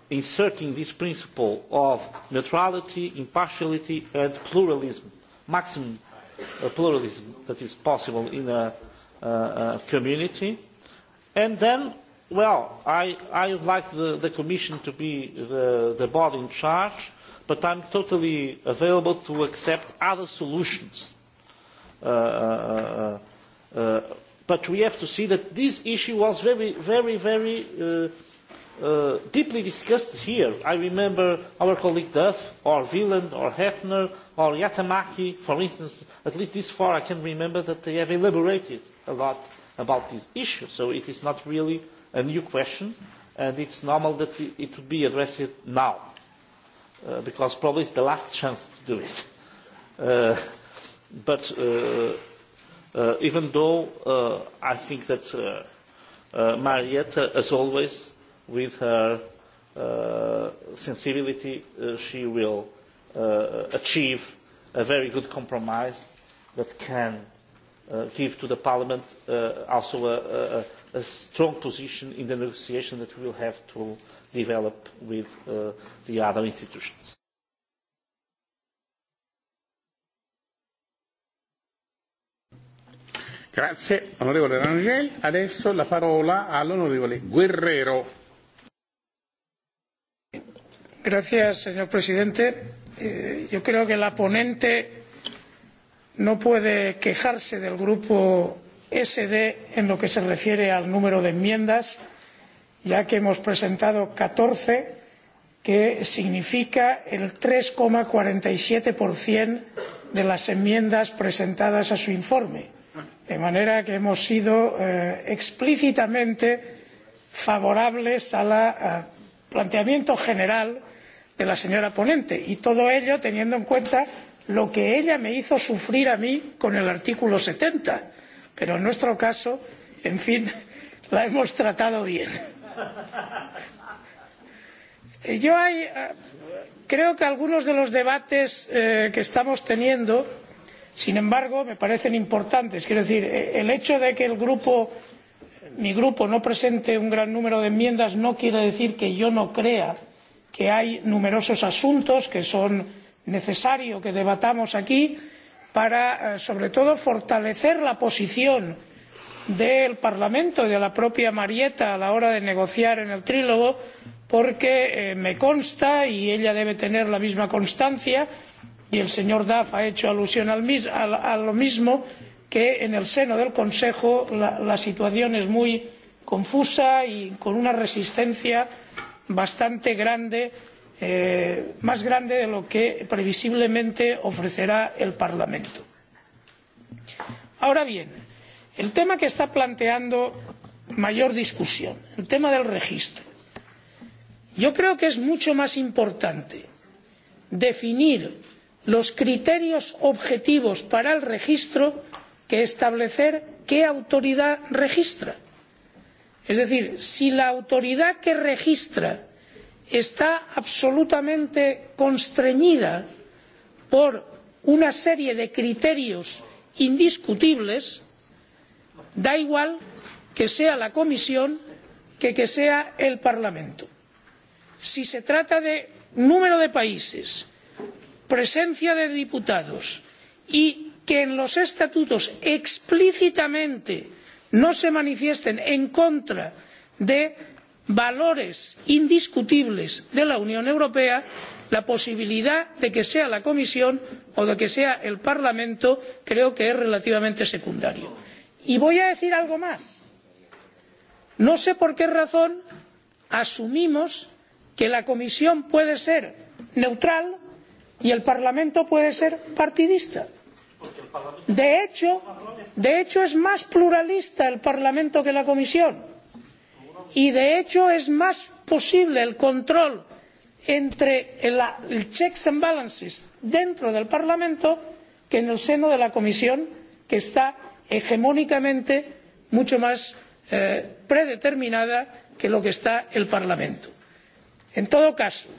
inserting this principle of neutrality, impartiality, and pluralism, maximum uh, pluralism that is possible in a, uh, a uh, community. And then, well, I, I would like the, the Commission to be the, the body in charge but I am totally available to accept other solutions. Uh, uh, uh, uh, but we have to see that this issue was very, very, very uh, uh, deeply discussed here. I remember our colleague Duff, or Wieland, or Hefner, or Yatamaki, for instance, at least this far I can remember that they have elaborated a lot about this issue. So it is not really a new question, and it is normal that it would be addressed now Uh, because probably it's the last chance to do it. Uh, but uh, uh, even though uh, I think that uh, uh, Marietta, as always, with her uh, sensibility, uh, she will uh, achieve a very good compromise that can uh, give to the Parliament uh, also a, a, a strong position in the negotiation that we will have to develop with uh, the other institutions. Grazie onorevole Rangel. Adesso la parola all'onorevole Guerrero. Gracias, señor presidente. Eh, yo creo que la ponente no puede quejarse del grupo SD en lo que se refiere al número de enmiendas ya que hemos presentado catorce que significa el tres cuarenta y siete de las enmiendas presentadas a su informe de manera que hemos sido eh, explícitamente favorables al planteamiento general de la señora ponente y todo ello teniendo en cuenta lo que ella me hizo sufrir a mí con el artículo setenta pero en nuestro caso en fin (laughs) la hemos tratado bien Eh, yo hay, eh, creo que algunos de los debates eh, que estamos teniendo, sin embargo, me parecen importantes. Quiero decir, eh, el hecho de que el grupo, mi grupo no presente un gran número de enmiendas no quiere decir que yo no crea que hay numerosos asuntos que son necesarios que debatamos aquí para, sobre todo, fortalecer la posición del parlamento y de la propia marietta a la hora de negociar en el trílogo porque eh, me consta y ella debe tener la misma constancia y el señor duff ha hecho alusión al mis, a, a lo mismo que en el seno del consejo la, la situación es muy confusa y con una resistencia bastante grande eh, más grande de lo que previsiblemente ofrecerá el parlamento. ahora bien el tema que está planteando mayor discusión el tema del registro yo creo que es mucho más importante definir los criterios objetivos para el registro que establecer qué autoridad registra. es decir si la autoridad que registra está absolutamente constreñida por una serie de criterios indiscutibles da igual que sea la comisión que que sea el parlamento. si se trata de número de países presencia de diputados y que en los estatutos explícitamente no se manifiesten en contra de valores indiscutibles de la unión europea la posibilidad de que sea la comisión o de que sea el parlamento creo que es relativamente secundaria y voy a decir algo más no sé por qué razón asumimos que la comisión puede ser neutral y el parlamento puede ser partidista. De hecho, de hecho es más pluralista el parlamento que la comisión y de hecho es más posible el control entre los checks and balances dentro del parlamento que en el seno de la comisión que está hegemónicamente mucho más eh, predeterminada que lo que está el parlamento. en todo caso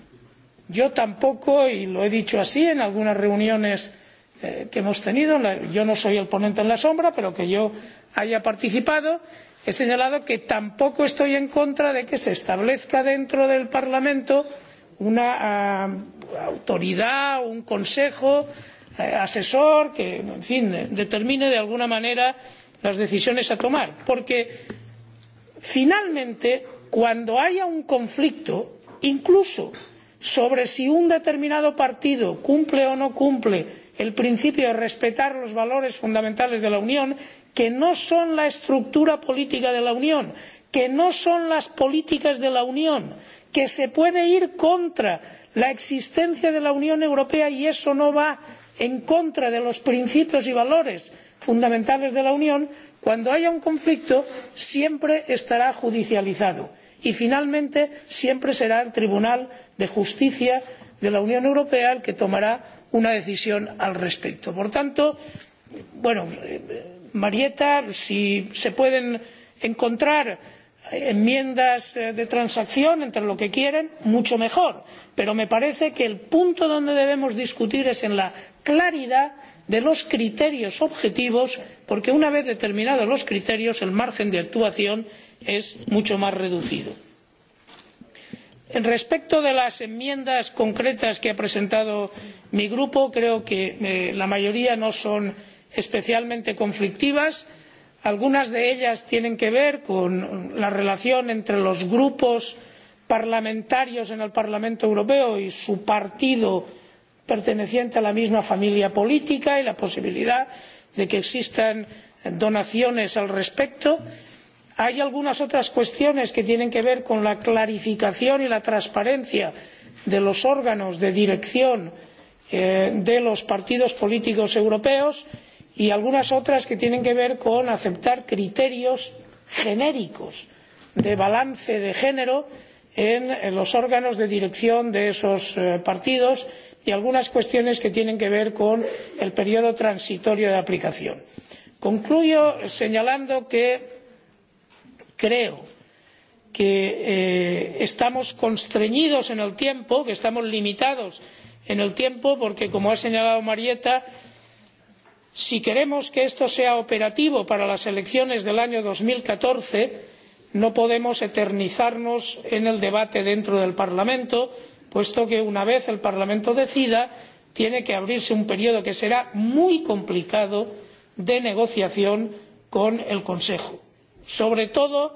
yo tampoco y lo he dicho así en algunas reuniones eh, que hemos tenido yo no soy el ponente en la sombra, pero que yo haya participado he señalado que tampoco estoy en contra de que se establezca dentro del parlamento una uh, autoridad un consejo Eh, asesor que en fin determine de alguna manera las decisiones a tomar porque finalmente cuando haya un conflicto incluso sobre si un determinado partido cumple o no cumple el principio de respetar los valores fundamentales de la unión que no son la estructura política de la unión que no son las políticas de la unión que se puede ir contra la existencia de la unión europea y eso no va en contra de los principios y valores fundamentales de la unión cuando haya un conflicto siempre estará judicializado y finalmente siempre será el tribunal de justicia de la unión europea el que tomará una decisión al respecto. por tanto bueno eh, marietta si se pueden encontrar Eh, enmiendas eh, de transacción entre lo que quieren mucho mejor pero me parece que el punto donde debemos discutir es en la claridad de los criterios objetivos porque una vez determinados los criterios el margen de actuación es mucho más reducido. respecto de las enmiendas concretas que ha presentado mi grupo creo que eh, la mayoría no son especialmente conflictivas algunas de ellas tienen que ver con la relación entre los grupos parlamentarios en el parlamento europeo y su partido perteneciente a la misma familia política y la posibilidad de que existan donaciones al respecto. hay algunas otras cuestiones que tienen que ver con la clarificación y la transparencia de los órganos de dirección eh, de los partidos políticos europeos y y algunas otras que tienen que ver con aceptar criterios genéricos de balance de género en los órganos de dirección de esos eh, partidos y algunas cuestiones que tienen que ver con el periodo transitorio de aplicación. concluyo señalando que creo que eh, estamos constreñidos en el tiempo que estamos limitados en el tiempo porque como ha señalado marietta si queremos que esto sea operativo para las elecciones del año dos mil catorce no podemos eternizarnos en el debate dentro del parlamento puesto que una vez el parlamento decida tiene que abrirse un periodo que será muy complicado de negociación con el consejo sobre todo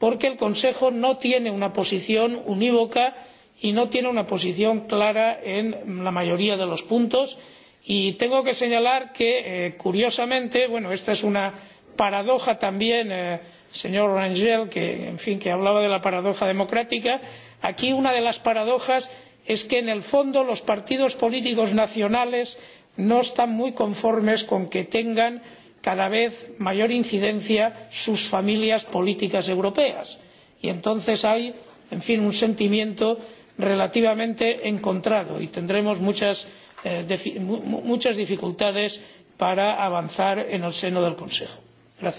porque el consejo no tiene una posición unívoca y no tiene una posición clara en la mayoría de los puntos y y tengo que señalar que eh, curiosamente bueno esta es una paradoja también eh, señor rangel que que hablaba de la paradoja democrática aquí una de las paradojas es que en el fondo los partidos políticos nacionales no están muy conformes con que tengan cada vez mayor incidencia sus familias políticas europeas y entonces hay en fin un sentimiento relativamente encontrado y tendremos muchas Eh, muchas dificultades para avanzar en el seno del Consejo. Uh,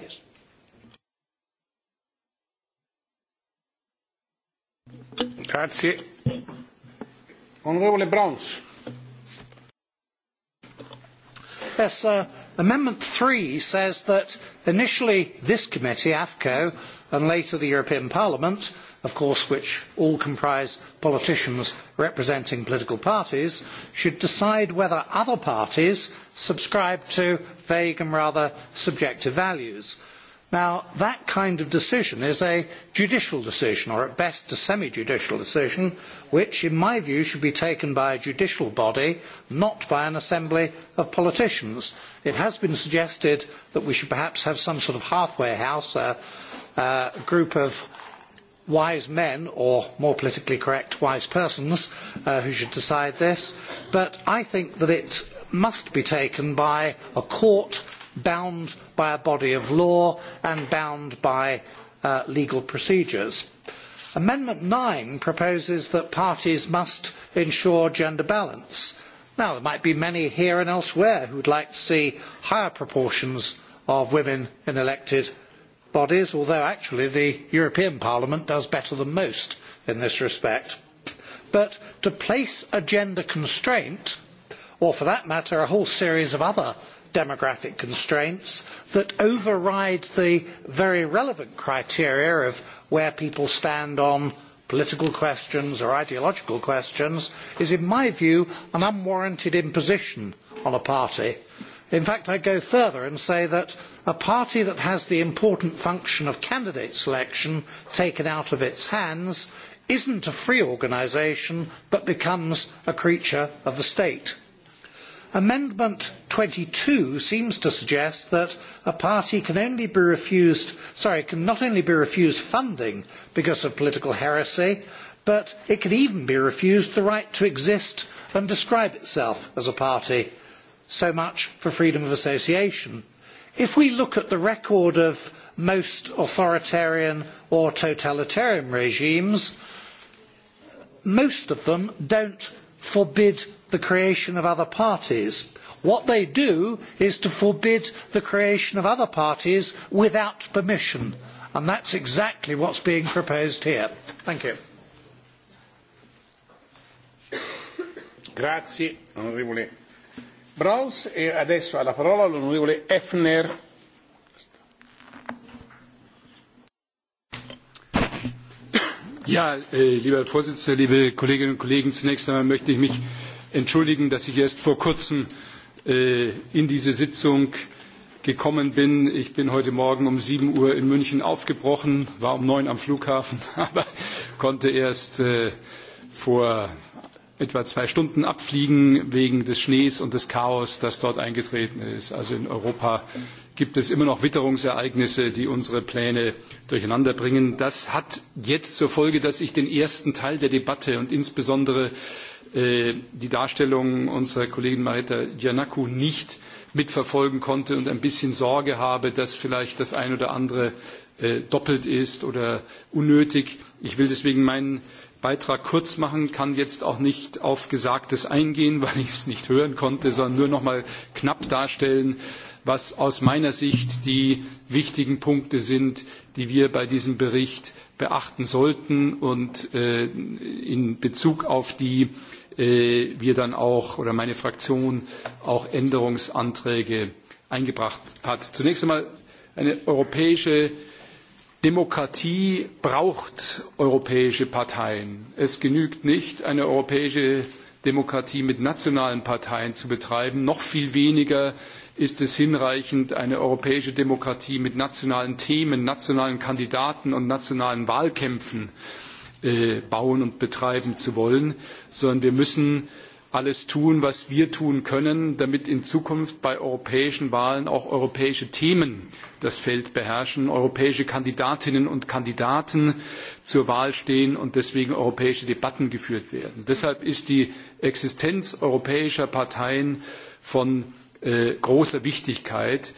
Amendment three says that initially this committee, AFCO, and later the European Parliament of course, which all comprise politicians representing political parties, should decide whether other parties subscribe to vague and rather subjective values. Now, that kind of decision is a judicial decision, or at best a semi-judicial decision, which, in my view, should be taken by a judicial body, not by an assembly of politicians. It has been suggested that we should perhaps have some sort of halfway house, a, a group of wise men, or more politically correct, wise persons, uh, who should decide this, but I think that it must be taken by a court bound by a body of law and bound by uh, legal procedures. Amendment nine proposes that parties must ensure gender balance. Now, there might be many here and elsewhere who would like to see higher proportions of women in elected bodies, although actually the European Parliament does better than most in this respect. But to place a gender constraint, or for that matter a whole series of other demographic constraints that override the very relevant criteria of where people stand on political questions or ideological questions is, in my view, an unwarranted imposition on a party in fact i go further and say that a party that has the important function of candidate selection taken out of its hands is not a free organisation but becomes a creature of the state. amendment twenty two seems to suggest that a party can only be refused sorry can not only be refused funding because of political heresy but it can even be refused the right to exist and describe itself as a party so much for freedom of association. If we look at the record of most authoritarian or totalitarian regimes, most of them do not forbid the creation of other parties. What they do is to forbid the creation of other parties without permission. And that is exactly what is being proposed here. Thank you. Grazie, Browns e adesso ha la parola l'onorevole Ja, äh, lieber Vorsitzender, liebe Kolleginnen und Kollegen, zunächst einmal möchte ich mich entschuldigen, dass ich erst vor kurzem äh, in diese Sitzung gekommen bin. Ich bin heute Morgen um sieben Uhr in München aufgebrochen, war um neun am Flughafen, (laughs) aber konnte erst äh, vor etwa zwei Stunden abfliegen wegen des Schnees und des Chaos, das dort eingetreten ist. Also in Europa gibt es immer noch Witterungsereignisse, die unsere Pläne durcheinander bringen. Das hat jetzt zur Folge, dass ich den ersten Teil der Debatte und insbesondere äh, die Darstellung unserer Kollegin Marietta Giannakou nicht mitverfolgen konnte und ein bisschen Sorge habe, dass vielleicht das ein oder andere äh, doppelt ist oder unnötig. Ich will deswegen meinen Beitrag kurz machen, kann jetzt auch nicht auf Gesagtes eingehen, (laughs) weil ich es nicht hören konnte, sondern nur noch mal knapp darstellen, was aus meiner Sicht die wichtigen Punkte sind, die wir bei diesem Bericht beachten sollten und äh, in Bezug auf die äh, wir dann auch oder meine Fraktion auch Änderungsanträge eingebracht hat. Zunächst einmal eine europäische Demokratie braucht europäische Parteien. Es genügt nicht, eine europäische Demokratie mit nationalen Parteien zu betreiben. Noch viel weniger ist es hinreichend, eine europäische Demokratie mit nationalen Themen, nationalen Kandidaten und nationalen Wahlkämpfen äh, bauen und betreiben zu wollen, sondern wir müssen alles tun, was wir tun können, damit in Zukunft bei europäischen Wahlen auch europäische Themen das Feld beherrschen, europäische Kandidatinnen und Kandidaten zur Wahl stehen und deswegen europäische Debatten geführt werden. Deshalb ist die Existenz europäischer Parteien von äh, großer Wichtigkeit.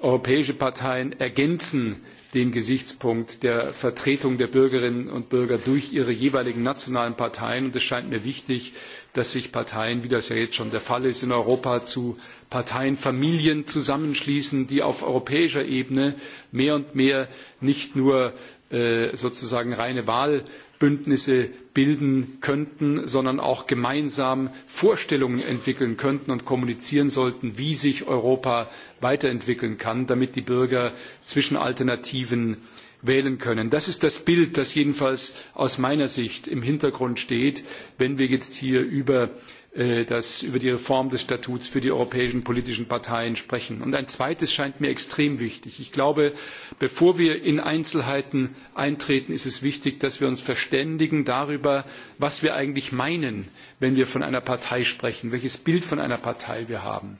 Europäische Parteien ergänzen den Gesichtspunkt der Vertretung der Bürgerinnen und Bürger durch ihre jeweiligen nationalen Parteien. Und es scheint mir wichtig, dass sich Parteien, wie das ja jetzt schon der Fall ist, in Europa zu Parteienfamilien zusammenschließen, die auf europäischer Ebene mehr und mehr nicht nur äh, sozusagen reine Wahlbündnisse bilden könnten, sondern auch gemeinsam Vorstellungen entwickeln könnten und kommunizieren sollten, wie sich Europa weiterentwickeln kann, damit die Bürger zwischen Alternativen wählen können. Das ist das Bild, das jedenfalls aus meiner Sicht im Hintergrund steht, wenn wir jetzt hier über, äh, das, über die Reform des Statuts für die europäischen politischen Parteien sprechen. Und ein zweites scheint mir extrem wichtig. Ich glaube, bevor wir in Einzelheiten eintreten, ist es wichtig, dass wir uns verständigen darüber, was wir eigentlich meinen, wenn wir von einer Partei sprechen, welches Bild von einer Partei wir haben.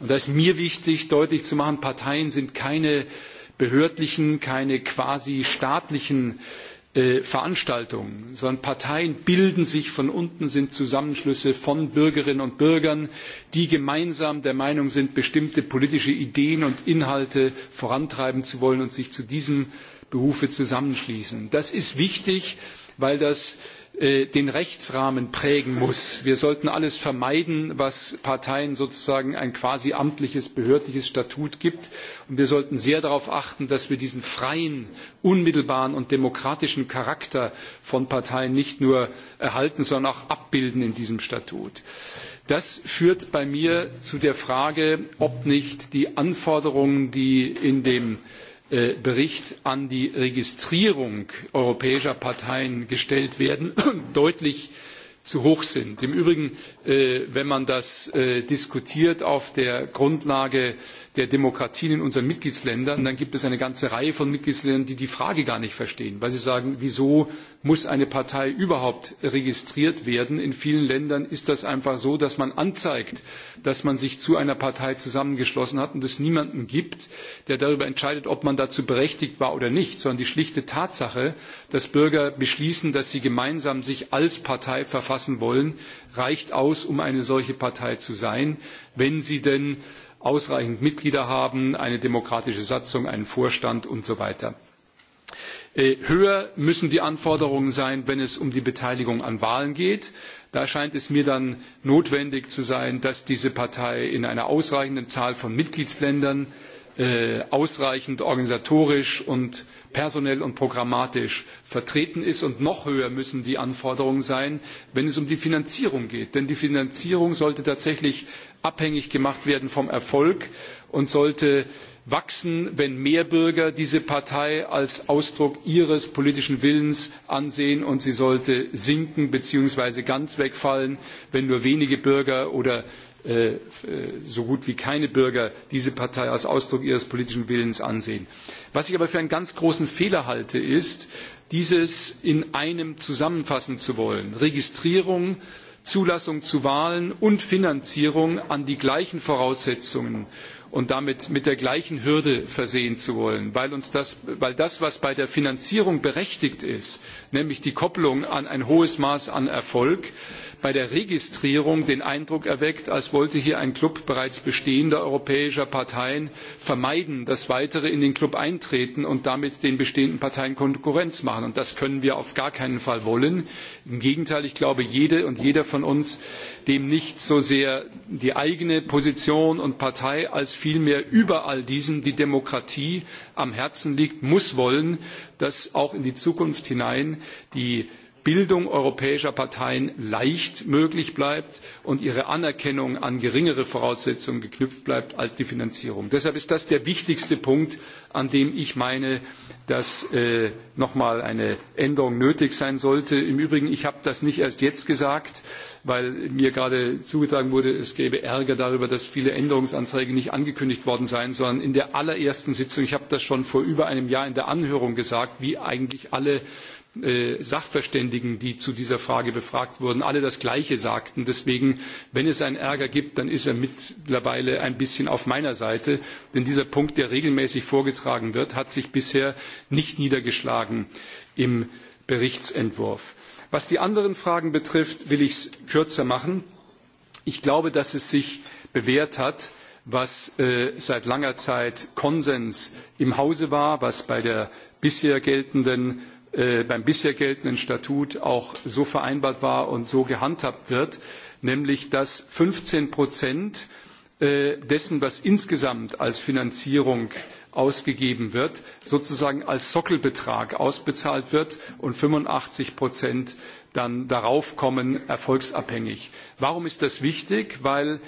Und da ist mir wichtig, deutlich zu machen, Parteien sind keine behördlichen, keine quasi staatlichen äh, Veranstaltungen, sondern Parteien bilden sich von unten, sind Zusammenschlüsse von Bürgerinnen und Bürgern, die gemeinsam der Meinung sind, bestimmte politische Ideen und Inhalte vorantreiben zu wollen und sich zu diesem Behufe zusammenschließen. Das ist wichtig, weil das Äh, den Rechtsrahmen prägen muss. Wir sollten alles vermeiden, was Parteien sozusagen ein quasi amtliches, behördliches Statut gibt. Und wir sollten sehr darauf achten, dass wir diesen freien, unmittelbaren und demokratischen Charakter von Parteien nicht nur erhalten, sondern auch abbilden in diesem Statut. Das führt bei mir zu der Frage, ob nicht die Anforderungen, die in dem Äh, bericht an die registrierung europäischer parteien gestellt werden (clears throat) deutlich zu hoch sind. im übrigen äh, wenn man das äh, diskutiert auf der grundlage der demokratien in unseren mitgliedstaaten dann gibt es eine ganze reihe von mitgliedstaaten die die frage gar nicht verstehen weil sie sagen wieso muss eine Partei überhaupt registriert werden. In vielen Ländern ist das einfach so, dass man anzeigt, dass man sich zu einer Partei zusammengeschlossen hat und es niemanden gibt, der darüber entscheidet, ob man dazu berechtigt war oder nicht, sondern die schlichte Tatsache, dass Bürger beschließen, dass sie gemeinsam sich als Partei verfassen wollen, reicht aus, um eine solche Partei zu sein, wenn sie denn ausreichend Mitglieder haben, eine demokratische Satzung, einen Vorstand und so weiter. Äh, höher müssen die Anforderungen sein, wenn es um die Beteiligung an Wahlen geht. Da scheint es mir dann notwendig zu sein, dass diese Partei in einer ausreichenden Zahl von Mitgliedsländern äh, ausreichend organisatorisch und personell und programmatisch vertreten ist. Und noch höher müssen die Anforderungen sein, wenn es um die Finanzierung geht. Denn die Finanzierung sollte tatsächlich abhängig gemacht werden vom Erfolg und sollte wachsen, wenn mehr Bürger diese Partei als Ausdruck ihres politischen Willens ansehen und sie sollte sinken bzw. ganz wegfallen, wenn nur wenige Bürger oder äh, äh, so gut wie keine Bürger diese Partei als Ausdruck ihres politischen Willens ansehen. Was ich aber für einen ganz großen Fehler halte, ist, dieses in einem zusammenfassen zu wollen. Registrierung, Zulassung zu Wahlen und Finanzierung an die gleichen Voraussetzungen und damit mit der gleichen Hürde versehen zu wollen, weil, das, weil das, was bei der Finanzierung berechtigt ist, nämlich die Kopplung an ein hohes Maß an Erfolg, bei der Registrierung den Eindruck erweckt, als wollte hier ein Club bereits bestehender europäischer Parteien vermeiden, dass weitere in den Club eintreten und damit den bestehenden Parteien Konkurrenz machen. Und das können wir auf gar keinen Fall wollen. Im Gegenteil, ich glaube, jede und jeder von uns, dem nicht so sehr die eigene Position und Partei als vielmehr überall diesem die Demokratie am Herzen liegt, muss wollen, dass auch in die Zukunft hinein die Bildung europäischer Parteien leicht möglich bleibt und ihre Anerkennung an geringere Voraussetzungen geknüpft bleibt als die Finanzierung. Deshalb ist das der wichtigste Punkt, an dem ich meine, dass äh, noch einmal eine Änderung nötig sein sollte. Im Übrigen, ich habe das nicht erst jetzt gesagt, weil mir gerade zugetragen wurde, es gäbe Ärger darüber, dass viele Änderungsanträge nicht angekündigt worden seien, sondern in der allerersten Sitzung, ich habe das schon vor über einem Jahr in der Anhörung gesagt, wie eigentlich alle Äh, Sachverständigen, die zu dieser Frage befragt wurden, alle das Gleiche sagten. Deswegen, wenn es einen Ärger gibt, dann ist er mittlerweile ein bisschen auf meiner Seite, denn dieser Punkt, der regelmäßig vorgetragen wird, hat sich bisher nicht niedergeschlagen im Berichtsentwurf. Was die anderen Fragen betrifft, will ich es kürzer machen. Ich glaube, dass es sich bewährt hat, was äh, seit langer Zeit Konsens im Hause war, was bei der bisher geltenden Äh, beim bisher geltenden Statut auch so vereinbart war und so gehandhabt wird, nämlich dass 15 Prozent äh, dessen, was insgesamt als Finanzierung ausgegeben wird, sozusagen als Sockelbetrag ausbezahlt wird und 85 Prozent dann darauf kommen, erfolgsabhängig. Warum ist das wichtig? Weil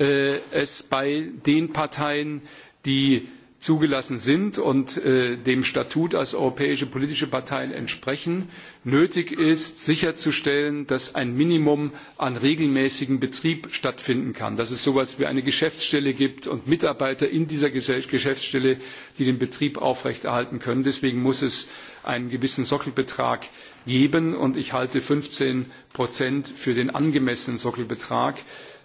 äh, es bei den Parteien, die zugelassen sind und äh, dem Statut als europäische politische Parteien entsprechen, nötig ist, sicherzustellen, dass ein Minimum an regelmäßigem Betrieb stattfinden kann, dass es so etwas wie eine Geschäftsstelle gibt und Mitarbeiter in dieser Geschäftsstelle, die den Betrieb aufrechterhalten können. Deswegen muss es einen gewissen Sockelbetrag geben und ich halte fünfzehn für den angemessenen Sockelbetrag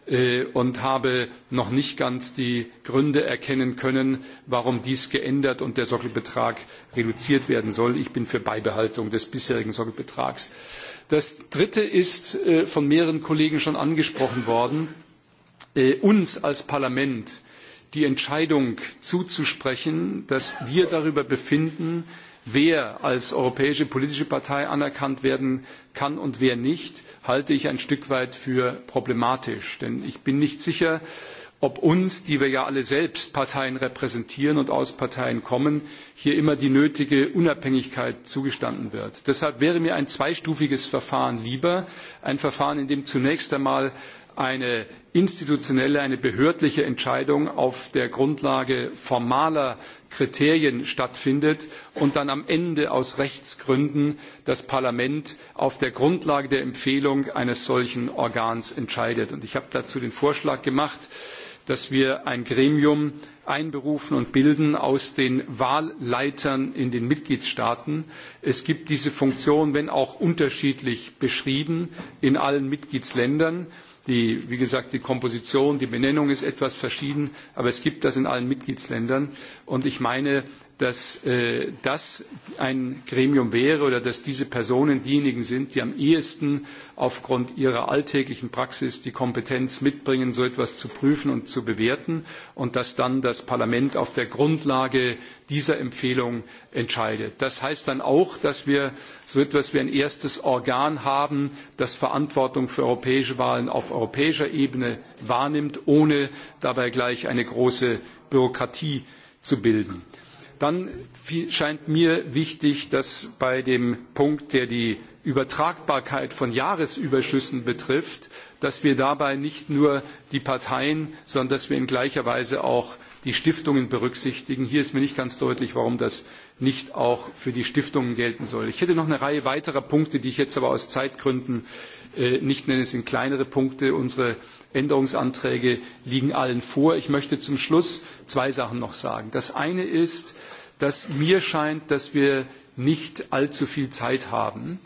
Äh, und habe noch nicht ganz die Gründe erkennen können, warum dies geändert und der Sockelbetrag reduziert werden soll. Ich bin für Beibehaltung des bisherigen Sockelbetrags. Das Dritte ist äh, von mehreren Kollegen schon angesprochen worden. Äh, uns als Parlament die Entscheidung zuzusprechen, dass wir darüber befinden, wer als europäische politische Partei anerkannt werden kann und wer nicht, halte ich ein Stück weit für problematisch. Denn ich bin nicht sicher, ob uns, die wir ja alle selbst Parteien repräsentieren und aus Parteien kommen, hier immer die nötige Unabhängigkeit zugestanden wird. Deshalb wäre mir ein zweistufiges Verfahren lieber, ein Verfahren, in dem zunächst einmal eine institutionelle, eine behördliche Entscheidung auf der Grundlage formaler Kriterien stattfindet und dann am Ende aus Rechtsgründen das Parlament auf der Grundlage der Empfehlung eines solchen Organs entscheidet. Und ich habe dazu den Vorschlag gemacht, dass wir ein Gremium einberufen und bilden aus den Wahlleitern in den Mitgliedstaaten. Es gibt diese Funktion, wenn auch unterschiedlich beschrieben, in allen Mitgliedsländern. Die, wie gesagt, die Komposition, die Benennung ist etwas verschieden, aber es gibt das in allen Mitgliedsländern. Und ich meine, dass äh, das ein Gremium wäre oder dass diese Personen diejenigen sind, die am ehesten aufgrund ihrer alltäglichen Praxis die Kompetenz mitbringen, so etwas zu prüfen und zu bewerten und dass dann das Parlament auf der Grundlage dieser Empfehlung entscheidet. Das heißt dann auch, dass wir so etwas wie ein erstes Organ haben, das Verantwortung für europäische Wahlen auf europäischer Ebene wahrnimmt, ohne dabei gleich eine große Bürokratie zu bilden. Dann scheint mir wichtig, dass bei dem Punkt, der die Übertragbarkeit von Jahresüberschüssen betrifft, dass wir dabei nicht nur die Parteien, sondern dass wir in gleicher Weise auch die Stiftungen berücksichtigen. Hier ist mir nicht ganz deutlich, warum das nicht auch für die Stiftungen gelten soll. Ich hätte noch eine Reihe weiterer Punkte, die ich jetzt aber aus Zeitgründen äh, nicht nenne. Es sind kleinere Punkte. Unsere Änderungsanträge liegen allen vor. Ich möchte zum Schluss zwei Sachen noch sagen. Das eine ist, dass mir scheint, dass wir nicht allzu viel Zeit haben,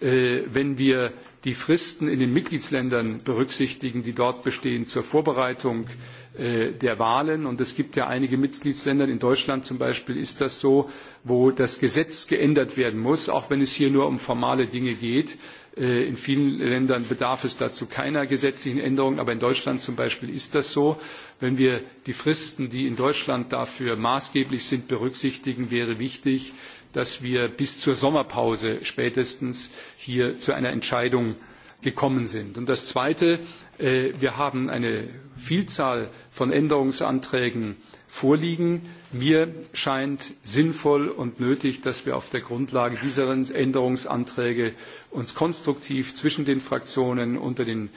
äh, wenn wir die Fristen in den Mitgliedsländern berücksichtigen, die dort bestehen zur Vorbereitung äh, der Wahlen. Und es gibt ja einige Mitgliedsländer, in Deutschland zum Beispiel ist das so, wo das Gesetz geändert werden muss, auch wenn es hier nur um formale Dinge geht Äh, in vielen Ländern bedarf es dazu keiner gesetzlichen Änderung, aber in Deutschland zum Beispiel ist das so. Wenn wir die Fristen, die in Deutschland dafür maßgeblich sind, berücksichtigen, wäre wichtig, dass wir bis zur Sommerpause spätestens hier zu einer Entscheidung gekommen sind. Und das Zweite, äh, wir haben eine Vielzahl von Änderungsanträgen vorliegen Mir scheint sinnvoll und nötig, dass wir uns auf der Grundlage dieser Änderungsanträge konstruktiv zwischen den Fraktionen unter den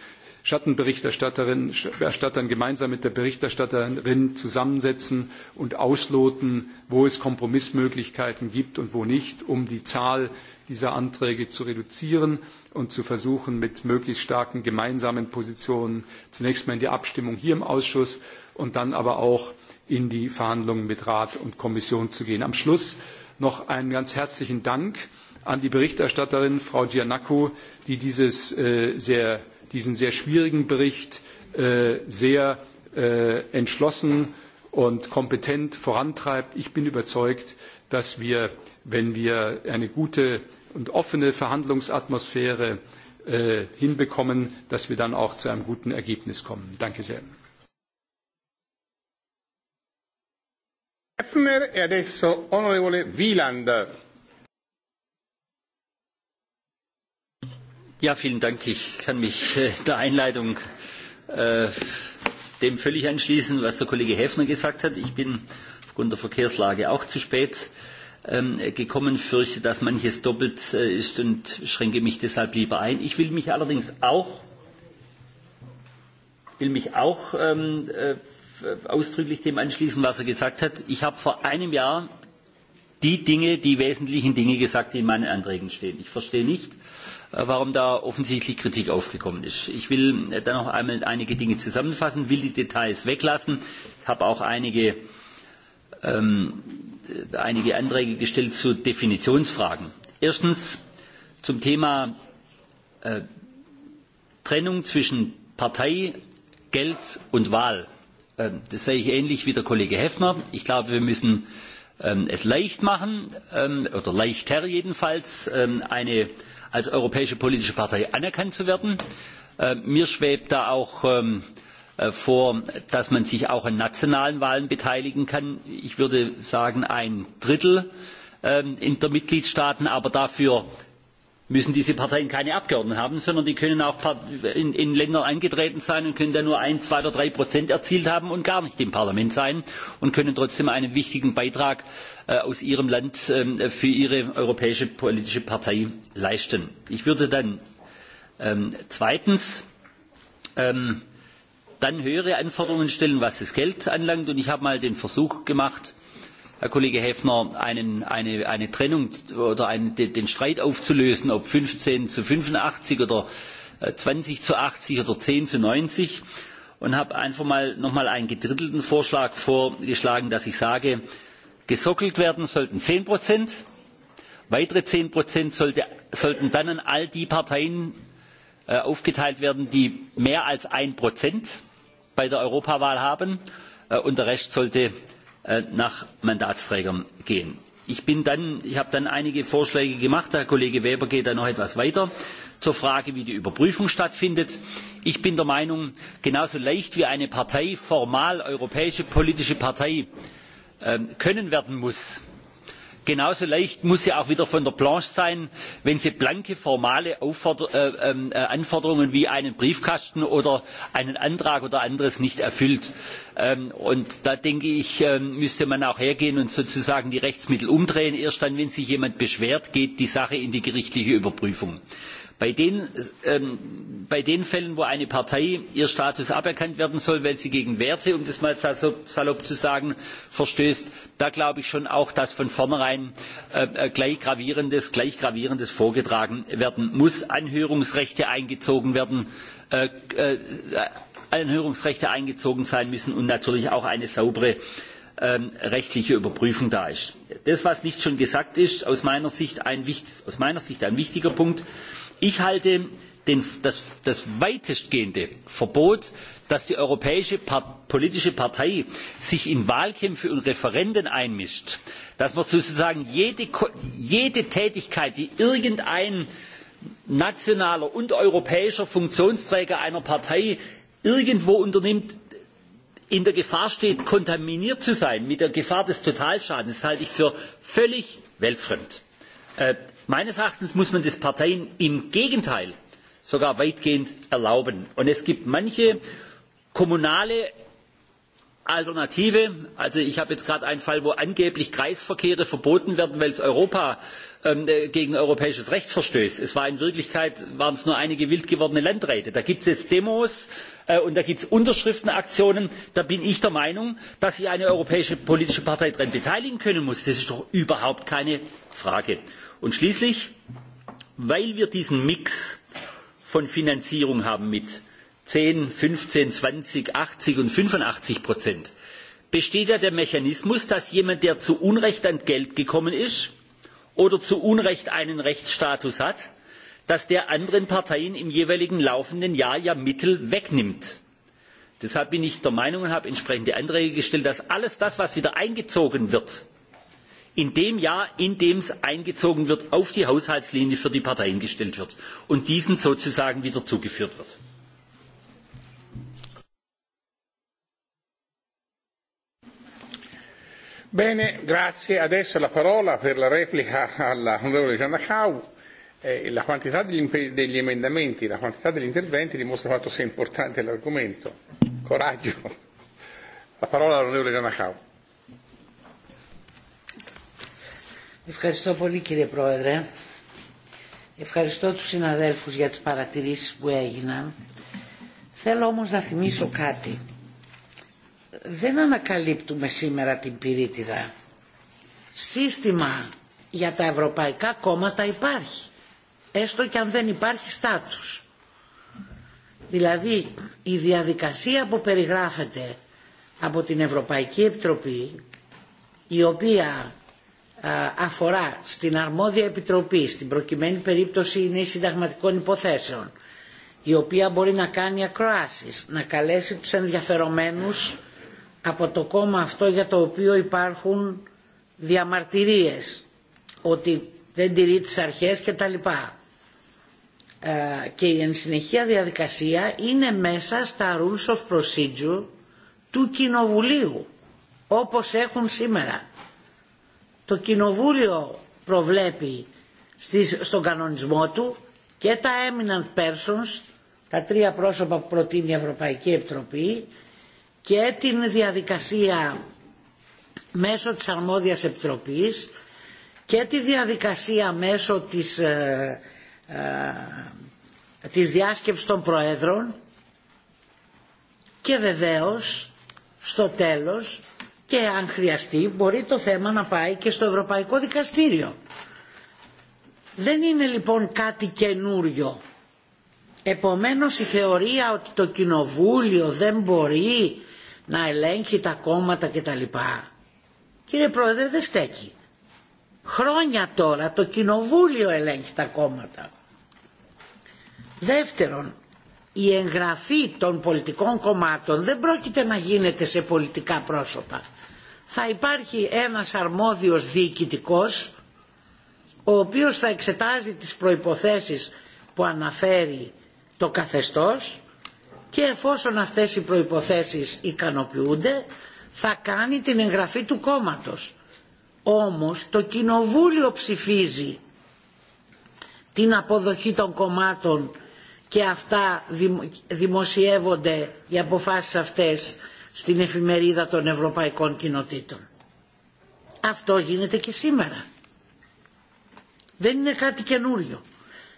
Schattenberichterstattern gemeinsam mit der Berichterstatterin zusammensetzen und ausloten, wo es Kompromissmöglichkeiten gibt und wo nicht, um die Zahl dieser Anträge zu reduzieren und zu versuchen, mit möglichst starken gemeinsamen Positionen zunächst mal in die Abstimmung hier im Ausschuss und dann aber auch in die Verhandlungen mit Rat und Kommission zu gehen. Am Schluss noch einen ganz herzlichen Dank an die Berichterstatterin Frau Giannakou, die dieses, äh, sehr, diesen sehr schwierigen Bericht äh, sehr äh, entschlossen und kompetent vorantreibt. Ich bin überzeugt, dass wir, wenn wir eine gute und offene Verhandlungsatmosphäre äh, hinbekommen, dass wir dann auch zu einem guten Ergebnis kommen. Danke sehr. Hefner e adesso onorevole Wieland. Ja, vielen Dank. Ich kann mich äh, der Einleitung äh, dem völlig anschließen, was der Kollege Häfner gesagt hat. Ich bin aufgrund der Verkehrslage auch zu spät ähm, gekommen, fürchte, dass manches doppelt äh, ist und schränke mich deshalb lieber ein. Ich will mich allerdings auch, will mich auch ähm, äh, Äh, ausdrücklich dem anschließen, was er gesagt hat. Ich habe vor einem Jahr die Dinge, die wesentlichen Dinge gesagt, die in meinen Anträgen stehen. Ich verstehe nicht, äh, warum da offensichtlich Kritik aufgekommen ist. Ich will äh, dann noch einmal einige Dinge zusammenfassen, will die Details weglassen. Ich habe auch einige, ähm, einige Anträge gestellt zu Definitionsfragen. Erstens zum Thema äh, Trennung zwischen Partei, Geld und Wahl Ähm, das sehe ich ähnlich wie der Kollege Heffner. Ich glaube, wir müssen ähm, es leicht machen, ähm, oder leichter jedenfalls, eine als europäische politische Partei anerkannt zu werden. Mir schwebt da auch äh, vor, dass man sich auch an nationalen Wahlen beteiligen kann. Ich würde sagen, ein Drittel der Mitgliedstaaten, aber dafür müssen diese Parteien keine Abgeordneten haben, sondern die können auch in, in Ländern eingetreten sein und können da nur ein, zwei oder drei Prozent erzielt haben und gar nicht im Parlament sein und können trotzdem einen wichtigen Beitrag äh, aus ihrem Land äh, für ihre europäische politische Partei leisten. Ich würde dann ähm, zweitens ähm, dann höhere Anforderungen stellen, was das Geld anlangt. Und ich habe mal den Versuch gemacht, Herr Kollege Häfner, einen, eine, eine, Trennung oder einen, den Streit aufzulösen, ob 15 zu 85 oder 20 äh, zu 80 oder 10 zu 90 und habe einfach mal noch mal einen gedrittelten Vorschlag vorgeschlagen, dass ich sage, gesockelt werden sollten 10 Prozent, weitere 10 Prozent sollte, sollten dann an all die Parteien äh, aufgeteilt werden, die mehr als ein Prozent bei der Europawahl haben äh, und der Rest sollte Äh, nach Mandatsträgern gehen. Ich, habe dann einige Vorschläge gemacht. Herr Kollege Weber geht da noch etwas weiter zur Frage, wie die Überprüfung stattfindet. Ich bin der Meinung, genauso leicht wie eine Partei formal europäische politische Partei ähm, können werden muss, genauso leicht muss sie auch wieder von der planche sein wenn sie blanke formale äh, ähm, äh, anforderungen wie einen briefkasten oder einen antrag oder anderes nicht erfüllt. Ähm, und da denke ich ähm, müsste man auch hergehen und sozusagen die rechtsmittel umdrehen erst dann wenn sich jemand beschwert geht die sache in die gerichtliche überprüfung. Ähm, bei den, Fällen, wo eine Partei ihr Status aberkannt werden soll, weil sie gegen Werte, um das mal salopp zu sagen, verstößt, da glaube ich schon auch, dass von vornherein äh, äh, gleich, gravierendes, vorgetragen werden muss, Anhörungsrechte eingezogen werden, äh, Anhörungsrechte eingezogen sein müssen und natürlich auch eine saubere ähm, rechtliche Überprüfung da ist. Das, was nicht schon gesagt ist, aus meiner Sicht aus meiner Sicht ein wichtiger Punkt ich halte das, weitestgehende verbot dass die europäische politische partei sich in wahlkämpfe und referenden einmischt dass man sozusagen jede, tätigkeit die irgendein nationaler und europäischer funktionsträger einer partei irgendwo unternimmt in der gefahr steht kontaminiert zu sein mit der gefahr des totalschadens halte ich für völlig weltfremd. Äh, meines erachtens muss man das parteien im gegenteil sogar weitgehend erlauben. Und es gibt manche kommunale alternative also ich habe jetzt gerade einen fall wo angeblich kreisverkehre verboten werden weil es europa ähm, äh, gegen europäisches recht verstößt. es waren in wirklichkeit nur einige wild gewordene landräte. da gibt es jetzt demos äh, und da gibt es unterschriftenaktionen. da bin ich der meinung dass sich eine europäische politische partei daran beteiligen können muss. das ist doch überhaupt keine frage. Und schließlich, weil wir diesen Mix von Finanzierung haben mit zehn, fünfzehn, zwanzig, achtzig und 85 Prozent, besteht ja der Mechanismus, dass jemand, der zu Unrecht an Geld gekommen ist oder zu Unrecht einen Rechtsstatus hat, dass der anderen Parteien im jeweiligen laufenden Jahr ja Mittel wegnimmt. Deshalb bin ich der Meinung und habe entsprechende Anträge gestellt, dass alles das, was wieder eingezogen wird, in dem Jahr, in dem es eingezogen wird, auf die Haushaltslinie für die Parteien gestellt wird und diesen sozusagen wieder zugeführt wird. Bene, grazie. Adesso la parola per la replica all'onorevole Giannacau. Eh, la quantità degli, degli emendamenti, la quantità degli interventi dimostra quanto sia importante l'argomento. Coraggio. La parola all'onorevole Giannacau. Ευχαριστώ πολύ κύριε Πρόεδρε. Ευχαριστώ τους συναδέλφους για τις παρατηρήσεις που έγιναν. Θέλω όμως να θυμίσω κάτι. Δεν ανακαλύπτουμε σήμερα την πυρίτιδα. Σύστημα για τα ευρωπαϊκά κόμματα υπάρχει. Έστω και αν δεν υπάρχει στάτους. Δηλαδή η διαδικασία που περιγράφεται από την Ευρωπαϊκή Επιτροπή η οποία αφορά στην αρμόδια επιτροπή, στην προκειμένη περίπτωση είναι συνταγματικών υποθέσεων, η οποία μπορεί να κάνει ακροάσεις, να καλέσει τους ενδιαφερομένους από το κόμμα αυτό για το οποίο υπάρχουν διαμαρτυρίες, ότι δεν τηρεί τις αρχές λοιπά. Και η ενσυνεχεία διαδικασία είναι μέσα στα rules of procedure του Κοινοβουλίου, όπως έχουν σήμερα το Κοινοβούλιο προβλέπει στις, στον κανονισμό του και τα eminent persons, τα τρία πρόσωπα που προτείνει η Ευρωπαϊκή Επιτροπή και την διαδικασία μέσω της αρμόδιας επιτροπής και τη διαδικασία μέσω της, ε, ε, της διάσκεψης των προέδρων και βεβαίως στο τέλος και αν χρειαστεί μπορεί το θέμα να πάει και στο Ευρωπαϊκό Δικαστήριο. Δεν είναι λοιπόν κάτι καινούριο. Επομένως η θεωρία ότι το κοινοβούλιο δεν μπορεί να ελέγχει τα κόμματα κτλ. Κύριε Πρόεδρε δεν στέκει. Χρόνια τώρα το κοινοβούλιο ελέγχει τα κόμματα. Δεύτερον, η εγγραφή των πολιτικών κομμάτων δεν πρόκειται να γίνεται σε πολιτικά πρόσωπα θα υπάρχει ένας αρμόδιος διοικητικός ο οποίος θα εξετάζει τις προϋποθέσεις που αναφέρει το καθεστώς και εφόσον αυτές οι προϋποθέσεις ικανοποιούνται θα κάνει την εγγραφή του κόμματος. Όμως το κοινοβούλιο ψηφίζει την αποδοχή των κομμάτων και αυτά δημοσιεύονται οι αποφάσεις αυτές στην εφημερίδα των Ευρωπαϊκών Κοινοτήτων. Αυτό γίνεται και σήμερα. Δεν είναι κάτι καινούριο.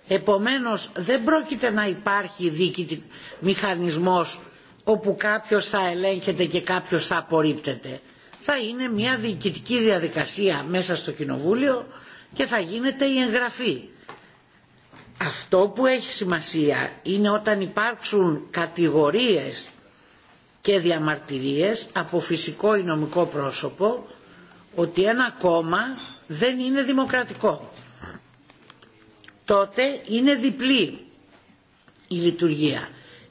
Επομένως δεν πρόκειται να υπάρχει δίκη μηχανισμός όπου κάποιος θα ελέγχεται και κάποιος θα απορρίπτεται. Θα είναι μια διοικητική διαδικασία μέσα στο Κοινοβούλιο και θα γίνεται η εγγραφή. Αυτό που έχει σημασία είναι όταν υπάρξουν κατηγορίες και διαμαρτυρίες από φυσικό ή νομικό πρόσωπο ότι ένα κόμμα δεν είναι δημοκρατικό. Τότε είναι διπλή η λειτουργία.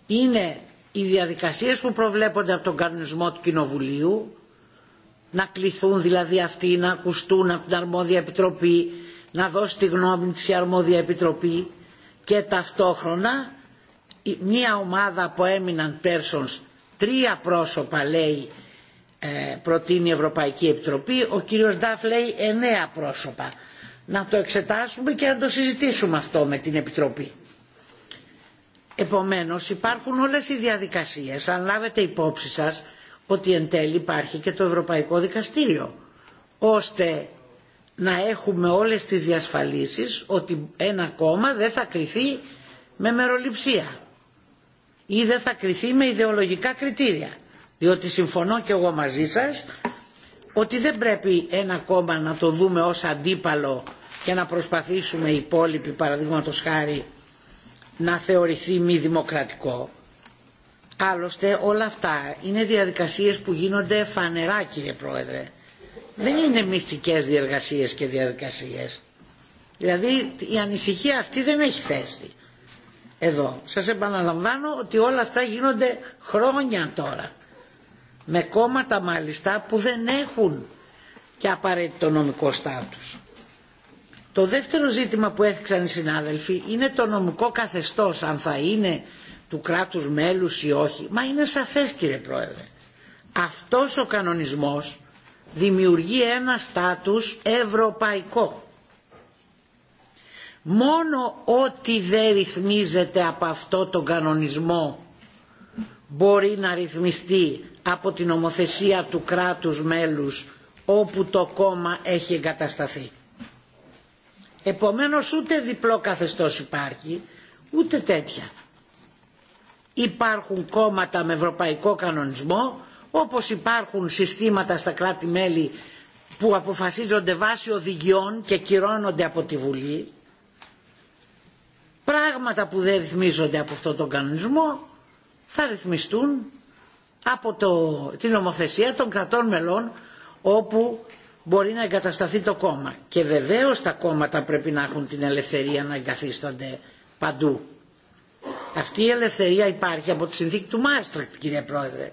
Είναι οι διαδικασίες που προβλέπονται από τον κανονισμό του Κοινοβουλίου, να κληθούν δηλαδή αυτοί να ακουστούν από την αρμόδια επιτροπή, να δώσει τη γνώμη της η αρμόδια επιτροπή και ταυτόχρονα μία ομάδα που έμειναν persons τρία πρόσωπα λέει προτείνει η Ευρωπαϊκή Επιτροπή, ο κύριος Νταφ λέει εννέα πρόσωπα. Να το εξετάσουμε και να το συζητήσουμε αυτό με την Επιτροπή. Επομένως υπάρχουν όλες οι διαδικασίες, αν λάβετε υπόψη σας ότι εν τέλει υπάρχει και το Ευρωπαϊκό Δικαστήριο, ώστε να έχουμε όλες τις διασφαλίσεις ότι ένα κόμμα δεν θα κριθεί με μεροληψία ή δεν θα κριθεί με ιδεολογικά κριτήρια. Διότι συμφωνώ και εγώ μαζί σας ότι δεν πρέπει ένα κόμμα να το δούμε ως αντίπαλο και να προσπαθήσουμε οι υπόλοιποι παραδείγματο χάρη να θεωρηθεί μη δημοκρατικό. Άλλωστε όλα αυτά είναι διαδικασίες που γίνονται φανερά κύριε Πρόεδρε. Δεν είναι μυστικές διεργασίες και διαδικασίες. Δηλαδή η ανησυχία αυτή δεν έχει θέση εδώ. Σας επαναλαμβάνω ότι όλα αυτά γίνονται χρόνια τώρα. Με κόμματα μάλιστα που δεν έχουν και απαραίτητο νομικό στάτους. Το δεύτερο ζήτημα που έθιξαν οι συνάδελφοι είναι το νομικό καθεστώς, αν θα είναι του κράτους μέλους ή όχι. Μα είναι σαφές κύριε Πρόεδρε. Αυτός ο κανονισμός δημιουργεί ένα στάτους ευρωπαϊκό μόνο ό,τι δεν ρυθμίζεται από αυτό τον κανονισμό μπορεί να ρυθμιστεί από την ομοθεσία του κράτους μέλους όπου το κόμμα έχει εγκατασταθεί. Επομένως ούτε διπλό καθεστώς υπάρχει, ούτε τέτοια. Υπάρχουν κόμματα με ευρωπαϊκό κανονισμό, όπως υπάρχουν συστήματα στα κράτη-μέλη που αποφασίζονται βάσει οδηγιών και κυρώνονται από τη Βουλή, πράγματα που δεν ρυθμίζονται από αυτόν τον κανονισμό θα ρυθμιστούν από το, την νομοθεσία των κρατών μελών όπου μπορεί να εγκατασταθεί το κόμμα. Και βεβαίως τα κόμματα πρέπει να έχουν την ελευθερία να εγκαθίστανται παντού. Αυτή η ελευθερία υπάρχει από τη συνθήκη του Μάστρακτ, κύριε Πρόεδρε.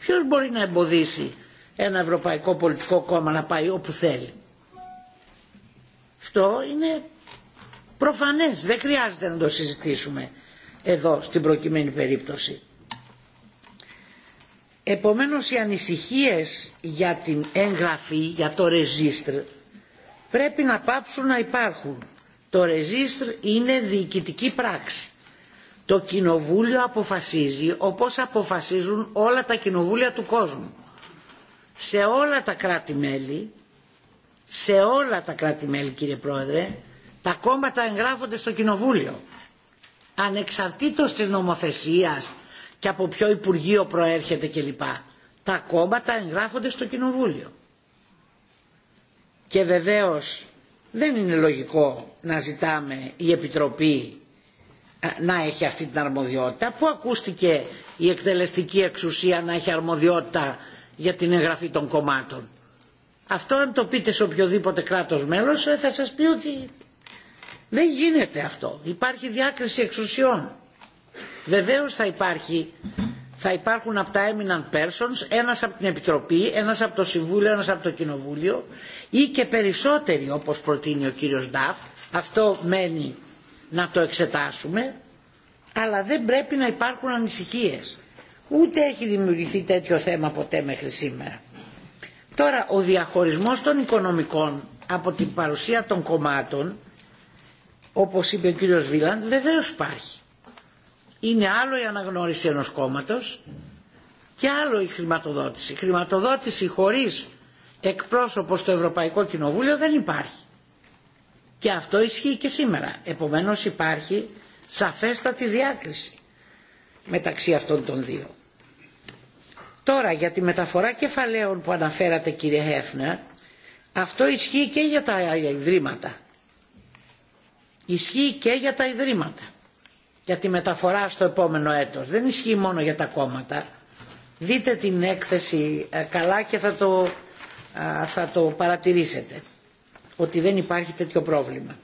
Ποιος μπορεί να εμποδίσει ένα ευρωπαϊκό πολιτικό κόμμα να πάει όπου θέλει. Αυτό είναι Προφανές, δεν χρειάζεται να το συζητήσουμε εδώ στην προκειμένη περίπτωση. Επομένως οι ανησυχίες για την εγγραφή, για το ρεζίστρ, πρέπει να πάψουν να υπάρχουν. Το ρεζίστρ είναι διοικητική πράξη. Το κοινοβούλιο αποφασίζει όπως αποφασίζουν όλα τα κοινοβούλια του κόσμου. Σε όλα τα κράτη-μέλη, σε όλα τα κράτη-μέλη κύριε Πρόεδρε, Τα κόμματα εγγράφονται στο Κοινοβούλιο. Ανεξαρτήτως της νομοθεσίας και από ποιο Υπουργείο προέρχεται κλπ. Τα κόμματα εγγράφονται στο Κοινοβούλιο. Και βεβαίως δεν είναι λογικό να ζητάμε η Επιτροπή να έχει αυτή την αρμοδιότητα. Πού ακούστηκε η εκτελεστική εξουσία να έχει αρμοδιότητα για την εγγραφή των κομμάτων. Αυτό αν το πείτε σε οποιοδήποτε κράτος μέλος θα σας πει ότι Δεν γίνεται αυτό. Υπάρχει διάκριση εξουσιών. Βεβαίω θα υπάρχει θα υπάρχουν από τα eminent persons, ένα από την Επιτροπή, ένα από το Συμβούλιο, ένα από το Κοινοβούλιο ή και περισσότεροι όπω προτείνει ο κύριο Νταφ. Αυτό μένει να το εξετάσουμε, αλλά δεν πρέπει να υπάρχουν ανησυχίε. Ούτε έχει δημιουργηθεί τέτοιο θέμα ποτέ μέχρι σήμερα. Τώρα, ο διαχωρισμός των οικονομικών από την παρουσία των κομμάτων όπως είπε ο κύριος Βίλαν, βεβαίως υπάρχει. Είναι άλλο η αναγνώριση ενός κόμματος και άλλο η χρηματοδότηση. Η χρηματοδότηση χωρίς εκπρόσωπο στο Ευρωπαϊκό Κοινοβούλιο δεν υπάρχει. Και αυτό ισχύει και σήμερα. Επομένως υπάρχει σαφέστατη διάκριση μεταξύ αυτών των δύο. Τώρα για τη μεταφορά κεφαλαίων που αναφέρατε κύριε Χέφνερ, αυτό ισχύει και για τα ιδρύματα ισχύει και για τα ιδρύματα για τη μεταφορά στο επόμενο έτος. Δεν ισχύει μόνο για τα κόμματα. Δείτε την έκθεση καλά και θα το, θα το παρατηρήσετε ότι δεν υπάρχει τέτοιο πρόβλημα.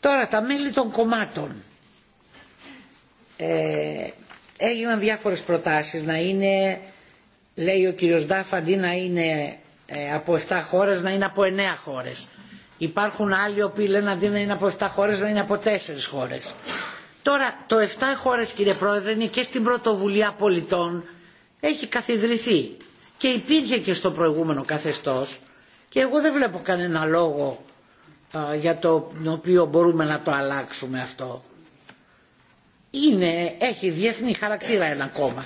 Τώρα τα μέλη των κομμάτων. Ε, έγιναν διάφορες προτάσεις να είναι, λέει ο κύριος Ντάφ, αντί να είναι ε, από 7 χώρες, να είναι από 9 χώρες. Υπάρχουν άλλοι οποίοι λένε αντί να είναι από 7 χώρες να είναι από 4 χώρες. Τώρα το 7 χώρες κύριε Πρόεδρε είναι και στην πρωτοβουλία πολιτών έχει καθιδρυθεί και υπήρχε και στο προηγούμενο καθεστώς και εγώ δεν βλέπω κανένα λόγο α, για το οποίο μπορούμε να το αλλάξουμε αυτό. Είναι, έχει διεθνή χαρακτήρα ένα κόμμα.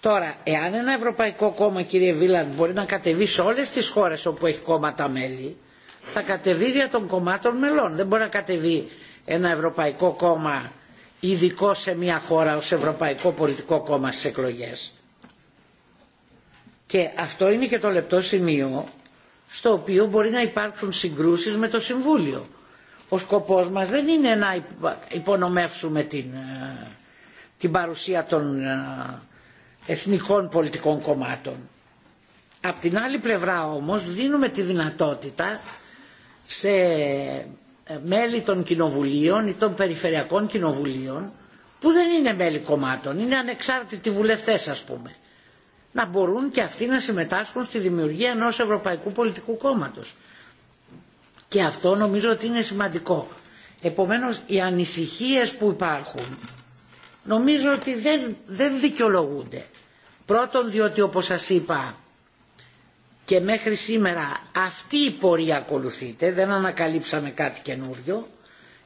Τώρα, εάν ένα ευρωπαϊκό κόμμα, κύριε Βίλαντ, μπορεί να κατεβεί σε όλες τις χώρες όπου έχει κόμματα μέλη, θα κατεβεί δια των κομμάτων μελών. Δεν μπορεί να κατεβεί ένα ευρωπαϊκό κόμμα ειδικό σε μια χώρα ως ευρωπαϊκό πολιτικό κόμμα στις εκλογές. Και αυτό είναι και το λεπτό σημείο στο οποίο μπορεί να υπάρξουν συγκρούσεις με το Συμβούλιο. Ο σκοπός μας δεν είναι να υπονομεύσουμε την, την παρουσία των εθνικών πολιτικών κομμάτων. Απ' την άλλη πλευρά όμως δίνουμε τη δυνατότητα σε μέλη των κοινοβουλίων ή των περιφερειακών κοινοβουλίων που δεν είναι μέλη κομμάτων, είναι ανεξάρτητοι βουλευτές ας πούμε να μπορούν και αυτοί να συμμετάσχουν στη δημιουργία ενός Ευρωπαϊκού Πολιτικού Κόμματος. Και αυτό νομίζω ότι είναι σημαντικό. Επομένως, οι ανησυχίες που υπάρχουν νομίζω ότι δεν, δεν δικαιολογούνται. Πρώτον, διότι όπως σας είπα, και μέχρι σήμερα αυτή η πορεία ακολουθείται, δεν ανακαλύψαμε κάτι καινούριο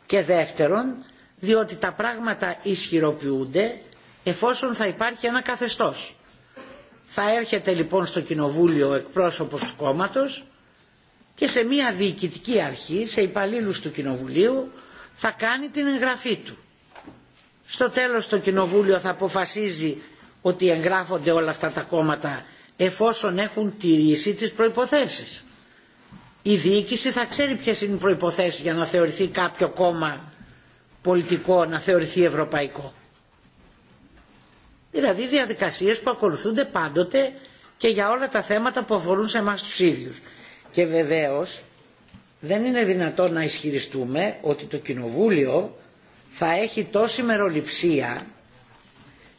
και δεύτερον, διότι τα πράγματα ισχυροποιούνται εφόσον θα υπάρχει ένα καθεστώς. Θα έρχεται λοιπόν στο κοινοβούλιο εκπρόσωπος του κόμματος και σε μια διοικητική αρχή, σε υπαλλήλους του κοινοβουλίου, θα κάνει την εγγραφή του. Στο τέλος το κοινοβούλιο θα αποφασίζει ότι εγγράφονται όλα αυτά τα κόμματα εφόσον έχουν τηρήσει τις προϋποθέσεις. Η διοίκηση θα ξέρει ποιες είναι οι προϋποθέσεις για να θεωρηθεί κάποιο κόμμα πολιτικό, να θεωρηθεί ευρωπαϊκό. Δηλαδή διαδικασίες που ακολουθούνται πάντοτε και για όλα τα θέματα που αφορούν σε εμάς τους ίδιους. Και βεβαίως δεν είναι δυνατόν να ισχυριστούμε ότι το Κοινοβούλιο θα έχει τόση μεροληψία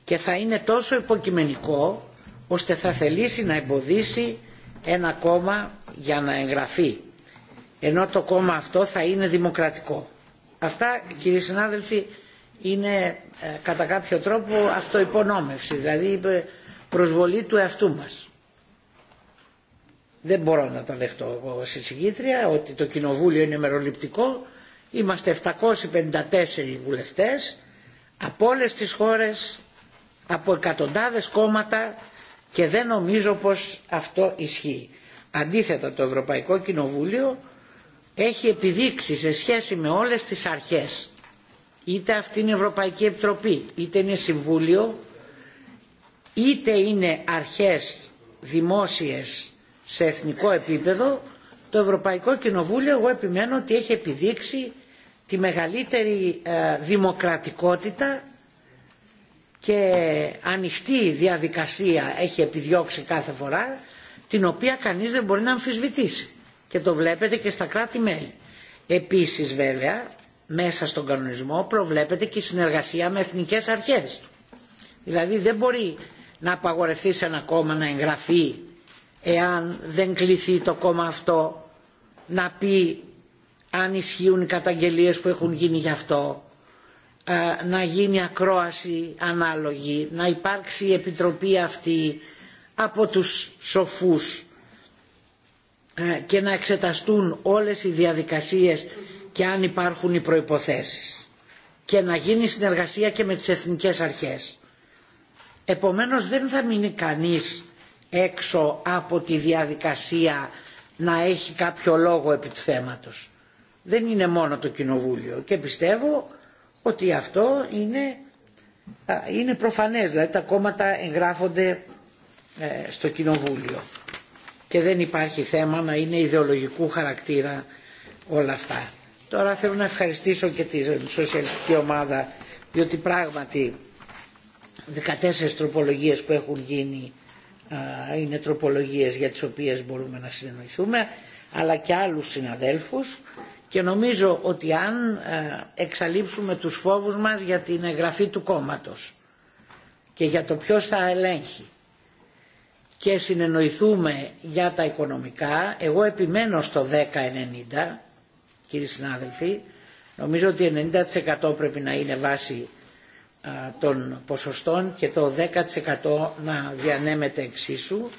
και θα είναι τόσο υποκειμενικό ώστε θα θελήσει να εμποδίσει ένα κόμμα για να εγγραφεί ενώ το κόμμα αυτό θα είναι δημοκρατικό. Αυτά κύριοι συνάδελφοι είναι κατά κάποιο τρόπο αυτοϋπονόμευση, δηλαδή προσβολή του εαυτού μας. Δεν μπορώ να τα δεχτώ εγώ ως εισηγήτρια ότι το κοινοβούλιο είναι μεροληπτικό. Είμαστε 754 βουλευτές από όλες τις χώρες, από εκατοντάδες κόμματα και δεν νομίζω πως αυτό ισχύει. Αντίθετα το Ευρωπαϊκό Κοινοβούλιο έχει επιδείξει σε σχέση με όλες τις αρχές είτε αυτή είναι η Ευρωπαϊκή Επιτροπή, είτε είναι Συμβούλιο, είτε είναι αρχές δημόσιες σε εθνικό επίπεδο, το Ευρωπαϊκό Κοινοβούλιο εγώ επιμένω ότι έχει επιδείξει τη μεγαλύτερη ε, δημοκρατικότητα και ανοιχτή διαδικασία έχει επιδιώξει κάθε φορά, την οποία κανείς δεν μπορεί να αμφισβητήσει. Και το βλέπετε και στα κράτη-μέλη. Επίσης βέβαια, μέσα στον κανονισμό προβλέπεται και η συνεργασία με εθνικές αρχές. Δηλαδή δεν μπορεί να απαγορευτεί σε ένα κόμμα να εγγραφεί εάν δεν κληθεί το κόμμα αυτό να πει αν ισχύουν οι καταγγελίες που έχουν γίνει γι' αυτό, να γίνει ακρόαση ανάλογη, να υπάρξει η Επιτροπή αυτή από τους σοφούς και να εξεταστούν όλες οι διαδικασίες και αν υπάρχουν οι προϋποθέσεις και να γίνει συνεργασία και με τις εθνικές αρχές. Επομένως δεν θα μείνει κανείς έξω από τη διαδικασία να έχει κάποιο λόγο επί του θέματος. Δεν είναι μόνο το Κοινοβούλιο και πιστεύω ότι αυτό είναι, είναι προφανές, δηλαδή τα κόμματα εγγράφονται ε, στο κοινοβούλιο και δεν υπάρχει θέμα να είναι ιδεολογικού χαρακτήρα όλα αυτά. Τώρα θέλω να ευχαριστήσω και τη σοσιαλιστική ομάδα διότι πράγματι 14 τροπολογίες που έχουν γίνει α, είναι τροπολογίες για τις οποίες μπορούμε να συνεννοηθούμε αλλά και άλλους συναδέλφους και νομίζω ότι αν εξαλείψουμε τους φόβους μας για την εγγραφή του κόμματος και για το ποιος θα ελέγχει και συνεννοηθούμε για τα οικονομικά, εγώ επιμένω στο 10-90, κύριοι συνάδελφοι, νομίζω ότι 90% πρέπει να είναι βάση των ποσοστών και το 10% να διανέμεται εξίσου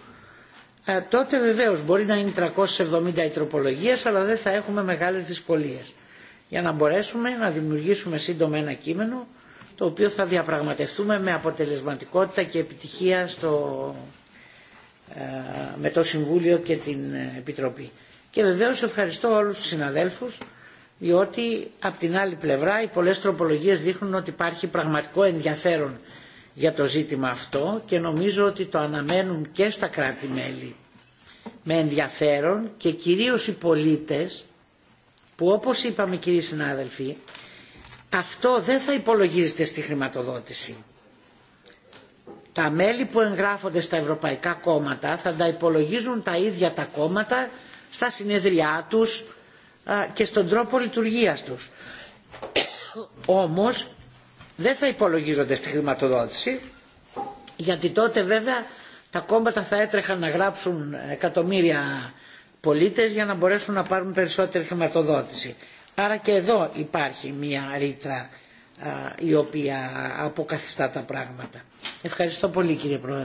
τότε βεβαίως μπορεί να είναι 370 οι τροπολογίες, αλλά δεν θα έχουμε μεγάλες δυσκολίες για να μπορέσουμε να δημιουργήσουμε σύντομα ένα κείμενο το οποίο θα διαπραγματευτούμε με αποτελεσματικότητα και επιτυχία στο, με το Συμβούλιο και την Επιτροπή. Και βεβαίως ευχαριστώ όλους τους συναδέλφους, διότι από την άλλη πλευρά οι πολλές τροπολογίες δείχνουν ότι υπάρχει πραγματικό ενδιαφέρον για το ζήτημα αυτό και νομίζω ότι το αναμένουν και στα κράτη-μέλη με ενδιαφέρον και κυρίως οι πολίτες που όπως είπαμε κύριοι συνάδελφοι αυτό δεν θα υπολογίζεται στη χρηματοδότηση. Τα μέλη που εγγράφονται στα ευρωπαϊκά κόμματα θα τα υπολογίζουν τα ίδια τα κόμματα στα συνεδριά τους και στον τρόπο λειτουργίας τους. Όμως δεν θα υπολογίζονται στη χρηματοδότηση, γιατί τότε βέβαια τα κόμματα θα έτρεχαν να γράψουν εκατομμύρια πολίτες για να μπορέσουν να πάρουν περισσότερη χρηματοδότηση. Άρα και εδώ υπάρχει μια ρήτρα η οποία αποκαθιστά τα πράγματα. Ευχαριστώ πολύ κύριε Πρόεδρε.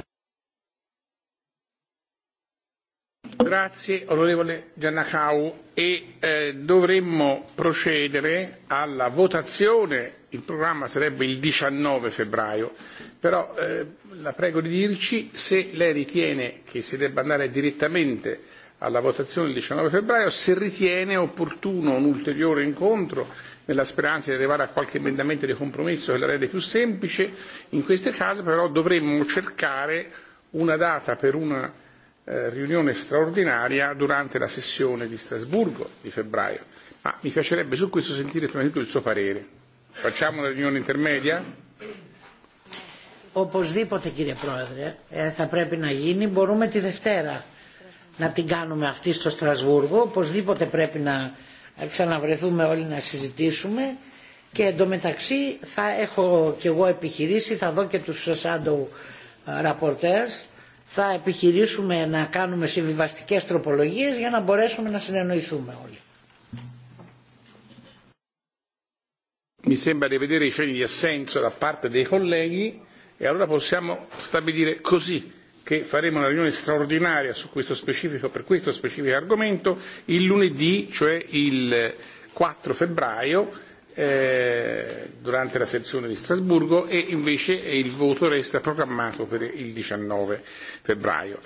Grazie onorevole Giannacau e eh, dovremmo procedere alla votazione il programma sarebbe il 19 febbraio, però eh, la prego di dirci se lei ritiene che si debba andare direttamente alla votazione il 19 febbraio, se ritiene opportuno un ulteriore incontro nella speranza di arrivare a qualche emendamento di compromesso che la rende più semplice. In questo caso però dovremmo cercare una data per una eh, riunione straordinaria durante la sessione di Strasburgo di febbraio. Ma mi piacerebbe su questo sentire prima di tutto il suo parere. Facciamo una riunione intermedia? Οπωσδήποτε κύριε Πρόεδρε, ε, θα πρέπει να γίνει. Μπορούμε τη Δευτέρα να την κάνουμε αυτή στο Στρασβούργο. Οπωσδήποτε πρέπει να ξαναβρεθούμε όλοι να συζητήσουμε. Και εντωμεταξύ θα έχω κι εγώ επιχειρήσει, θα δω και τους shadow Ραπορτές, θα επιχειρήσουμε να κάνουμε συμβιβαστικές τροπολογίες για να μπορέσουμε να συνεννοηθούμε όλοι. mi sembra di vedere i cenni di assenso da parte dei colleghi e allora possiamo stabilire così che faremo una riunione straordinaria su questo specifico, per questo specifico argomento il lunedì, cioè il 4 febbraio, eh, durante la sezione di Strasburgo e invece il voto resta programmato per il 19 febbraio.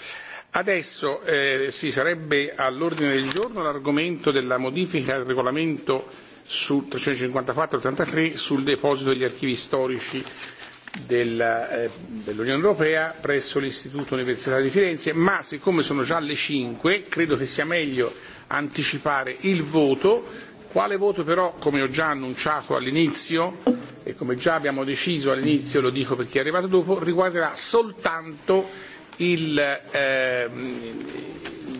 Adesso eh, si sarebbe all'ordine del giorno l'argomento della modifica del regolamento su 354-83 sul deposito degli archivi storici della, eh, dell'Unione Europea presso l'Istituto Universitario di Firenze, ma siccome sono già le 5 credo che sia meglio anticipare il voto, quale voto però, come ho già annunciato all'inizio e come già abbiamo deciso all'inizio, lo dico per chi è arrivato dopo, riguarderà soltanto il, eh,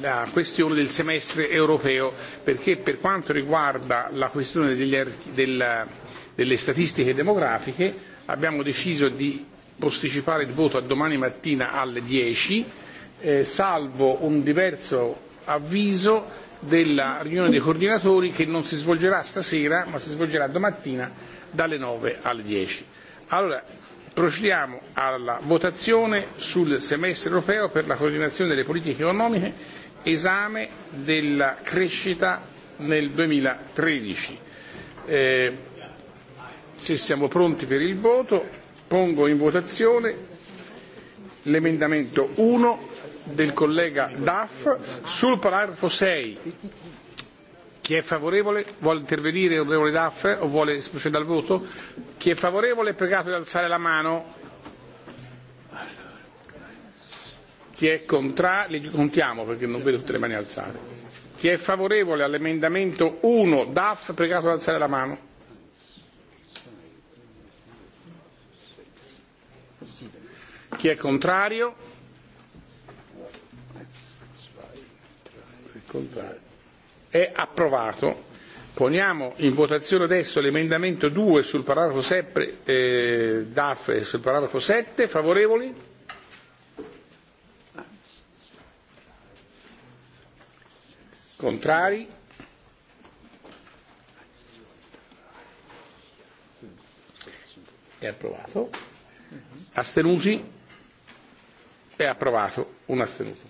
la questione del semestre europeo perché per quanto riguarda la questione degli, delle statistiche demografiche abbiamo deciso di posticipare il voto a domani mattina alle 10 eh, salvo un diverso avviso della riunione dei coordinatori che non si svolgerà stasera ma si svolgerà domattina dalle 9 alle 10. Allora, procediamo alla votazione sul semestre europeo per la coordinazione delle politiche economiche esame della crescita nel 2013. Eh, se siamo pronti per il voto, pongo in votazione l'emendamento 1 del collega Duff sul paragrafo 6. Chi è favorevole? Vuole intervenire onorevole Duff o vuole procedere al voto? Chi è favorevole è pregato di alzare la mano. Chi è contrario, li contiamo perché non vedo tutte le mani alzate. Chi è favorevole all'emendamento 1 DAF, pregato ad alzare la mano. Chi è contrario? È approvato. Poniamo in votazione adesso l'emendamento 2 sul paragrafo 7, eh, DAF e sul paragrafo 7. Favorevoli? Contrari? È approvato. Astenuti? È approvato. Un astenuto.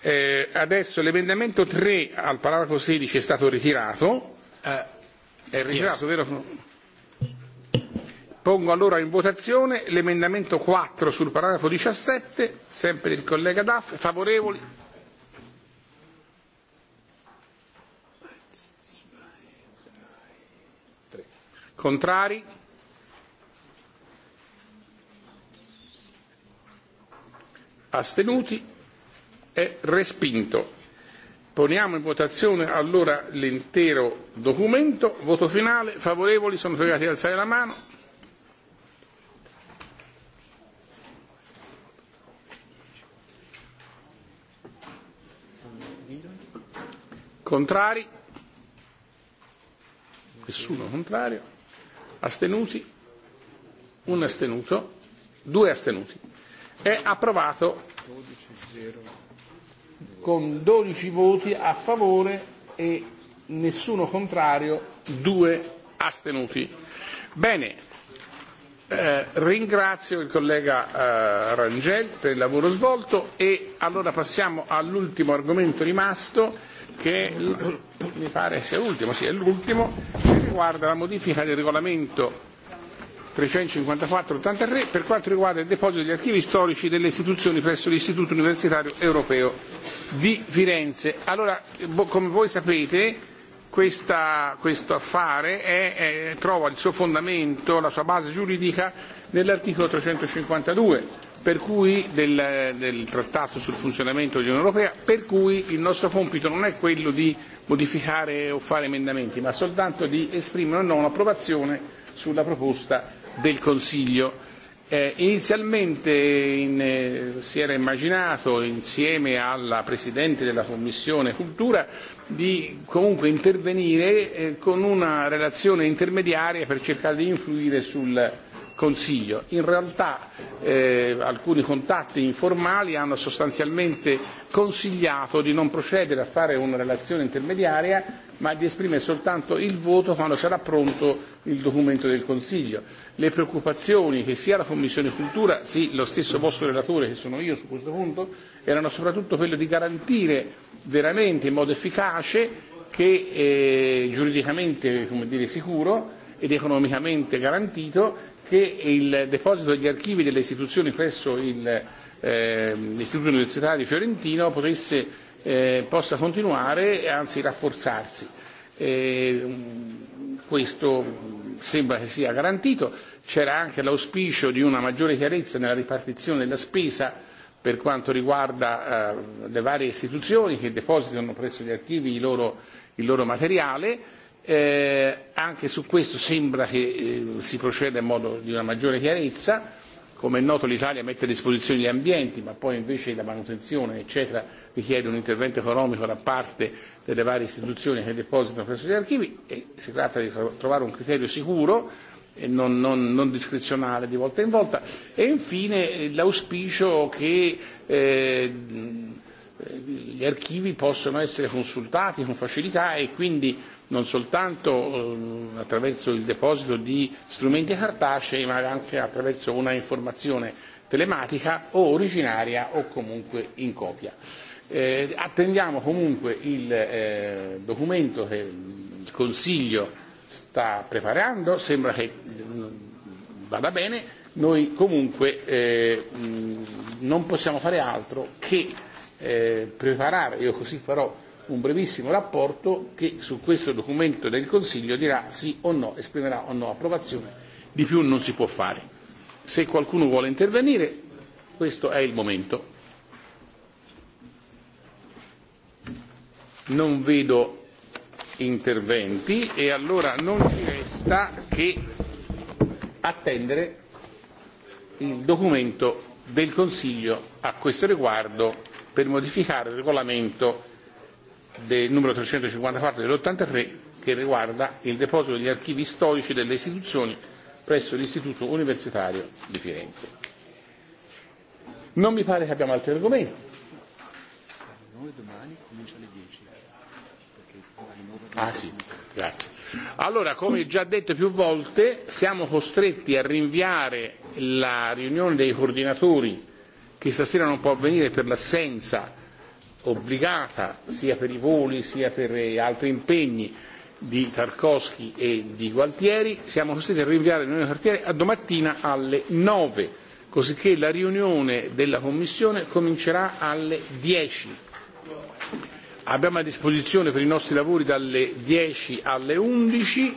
Eh, adesso l'emendamento 3 al paragrafo 16 è stato ritirato. Eh, è ritirato, yes. vero? Pongo allora in votazione l'emendamento 4 sul paragrafo 17, sempre del collega Daff. Favorevoli? Contrari? Astenuti? È respinto. Poniamo in votazione allora l'intero documento. Voto finale. Favorevoli sono pregati ad alzare la mano. Contrari? Nessuno contrario astenuti, un astenuto, due astenuti. È approvato con 12 voti a favore e nessuno contrario, due astenuti. Bene, eh, ringrazio il collega eh, Rangel per il lavoro svolto e allora passiamo all'ultimo argomento rimasto che (coughs) mi pare sia l'ultimo, sì, è l'ultimo, che riguarda la modifica del regolamento 354-83 per quanto riguarda il deposito degli archivi storici delle istituzioni presso l'Istituto Universitario Europeo di Firenze. Allora, come voi sapete, questa, questo affare è, è, trova il suo fondamento, la sua base giuridica nell'articolo 352 per cui del, del trattato sul funzionamento dell'Unione Europea, per cui il nostro compito non è quello di modificare o fare emendamenti, ma soltanto di esprimere o no un'approvazione sulla proposta del Consiglio. Eh, inizialmente in, eh, si era immaginato, insieme alla Presidente della Commissione Cultura, di comunque intervenire eh, con una relazione intermediaria per cercare di influire sul Consiglio. In realtà eh, alcuni contatti informali hanno sostanzialmente consigliato di non procedere a fare una relazione intermediaria, ma di esprimere soltanto il voto quando sarà pronto il documento del Consiglio. Le preoccupazioni che sia la Commissione Cultura, sì, lo stesso vostro relatore che sono io su questo punto, erano soprattutto quelle di garantire veramente in modo efficace che eh, giuridicamente come dire, sicuro ed economicamente garantito che il deposito degli archivi delle istituzioni presso il, eh, l'Istituto Universitario Fiorentino potesse, eh, possa continuare e anzi rafforzarsi. Eh, questo sembra che sia garantito. C'era anche l'auspicio di una maggiore chiarezza nella ripartizione della spesa per quanto riguarda eh, le varie istituzioni che depositano presso gli archivi il loro, il loro materiale Eh, anche su questo sembra che eh, si proceda in modo di una maggiore chiarezza. Come è noto l'Italia mette a disposizione gli ambienti, ma poi invece la manutenzione eccetera richiede un intervento economico da parte delle varie istituzioni che depositano presso gli archivi e si tratta di trovare un criterio sicuro e non, non, non discrezionale di volta in volta. E infine eh, l'auspicio che eh, eh, gli archivi possano essere consultati con facilità e quindi non soltanto eh, attraverso il deposito di strumenti cartacei, ma anche attraverso una informazione telematica o originaria o comunque in copia. Eh, attendiamo comunque il eh, documento che il Consiglio sta preparando, sembra che mm, vada bene, noi comunque eh, mm, non possiamo fare altro che eh, preparare, io così farò, un brevissimo rapporto che su questo documento del Consiglio dirà sì o no, esprimerà o no approvazione. Di più non si può fare. Se qualcuno vuole intervenire, questo è il momento. Non vedo interventi e allora non ci resta che attendere il documento del Consiglio a questo riguardo per modificare il regolamento del numero 354 dell'83 che riguarda il deposito degli archivi storici delle istituzioni presso l'Istituto Universitario di Firenze. Non mi pare che abbiamo altri argomenti. Ah sì, grazie. Allora, come già detto più volte, siamo costretti a rinviare la riunione dei coordinatori che stasera non può avvenire per l'assenza obbligata sia per i voli sia per eh, altri impegni di Tarkovsky e di Gualtieri, siamo costretti a rinviare l'unione quartiere a domattina alle 9, cosicché la riunione della Commissione comincerà alle 10. Abbiamo a disposizione per i nostri lavori dalle 10 alle 11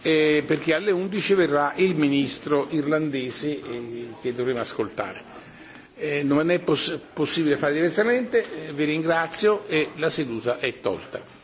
eh, perché alle 11 verrà il ministro irlandese eh, che dovremo ascoltare. Eh, non è poss- possibile fare diversamente, eh, vi ringrazio e la seduta è tolta.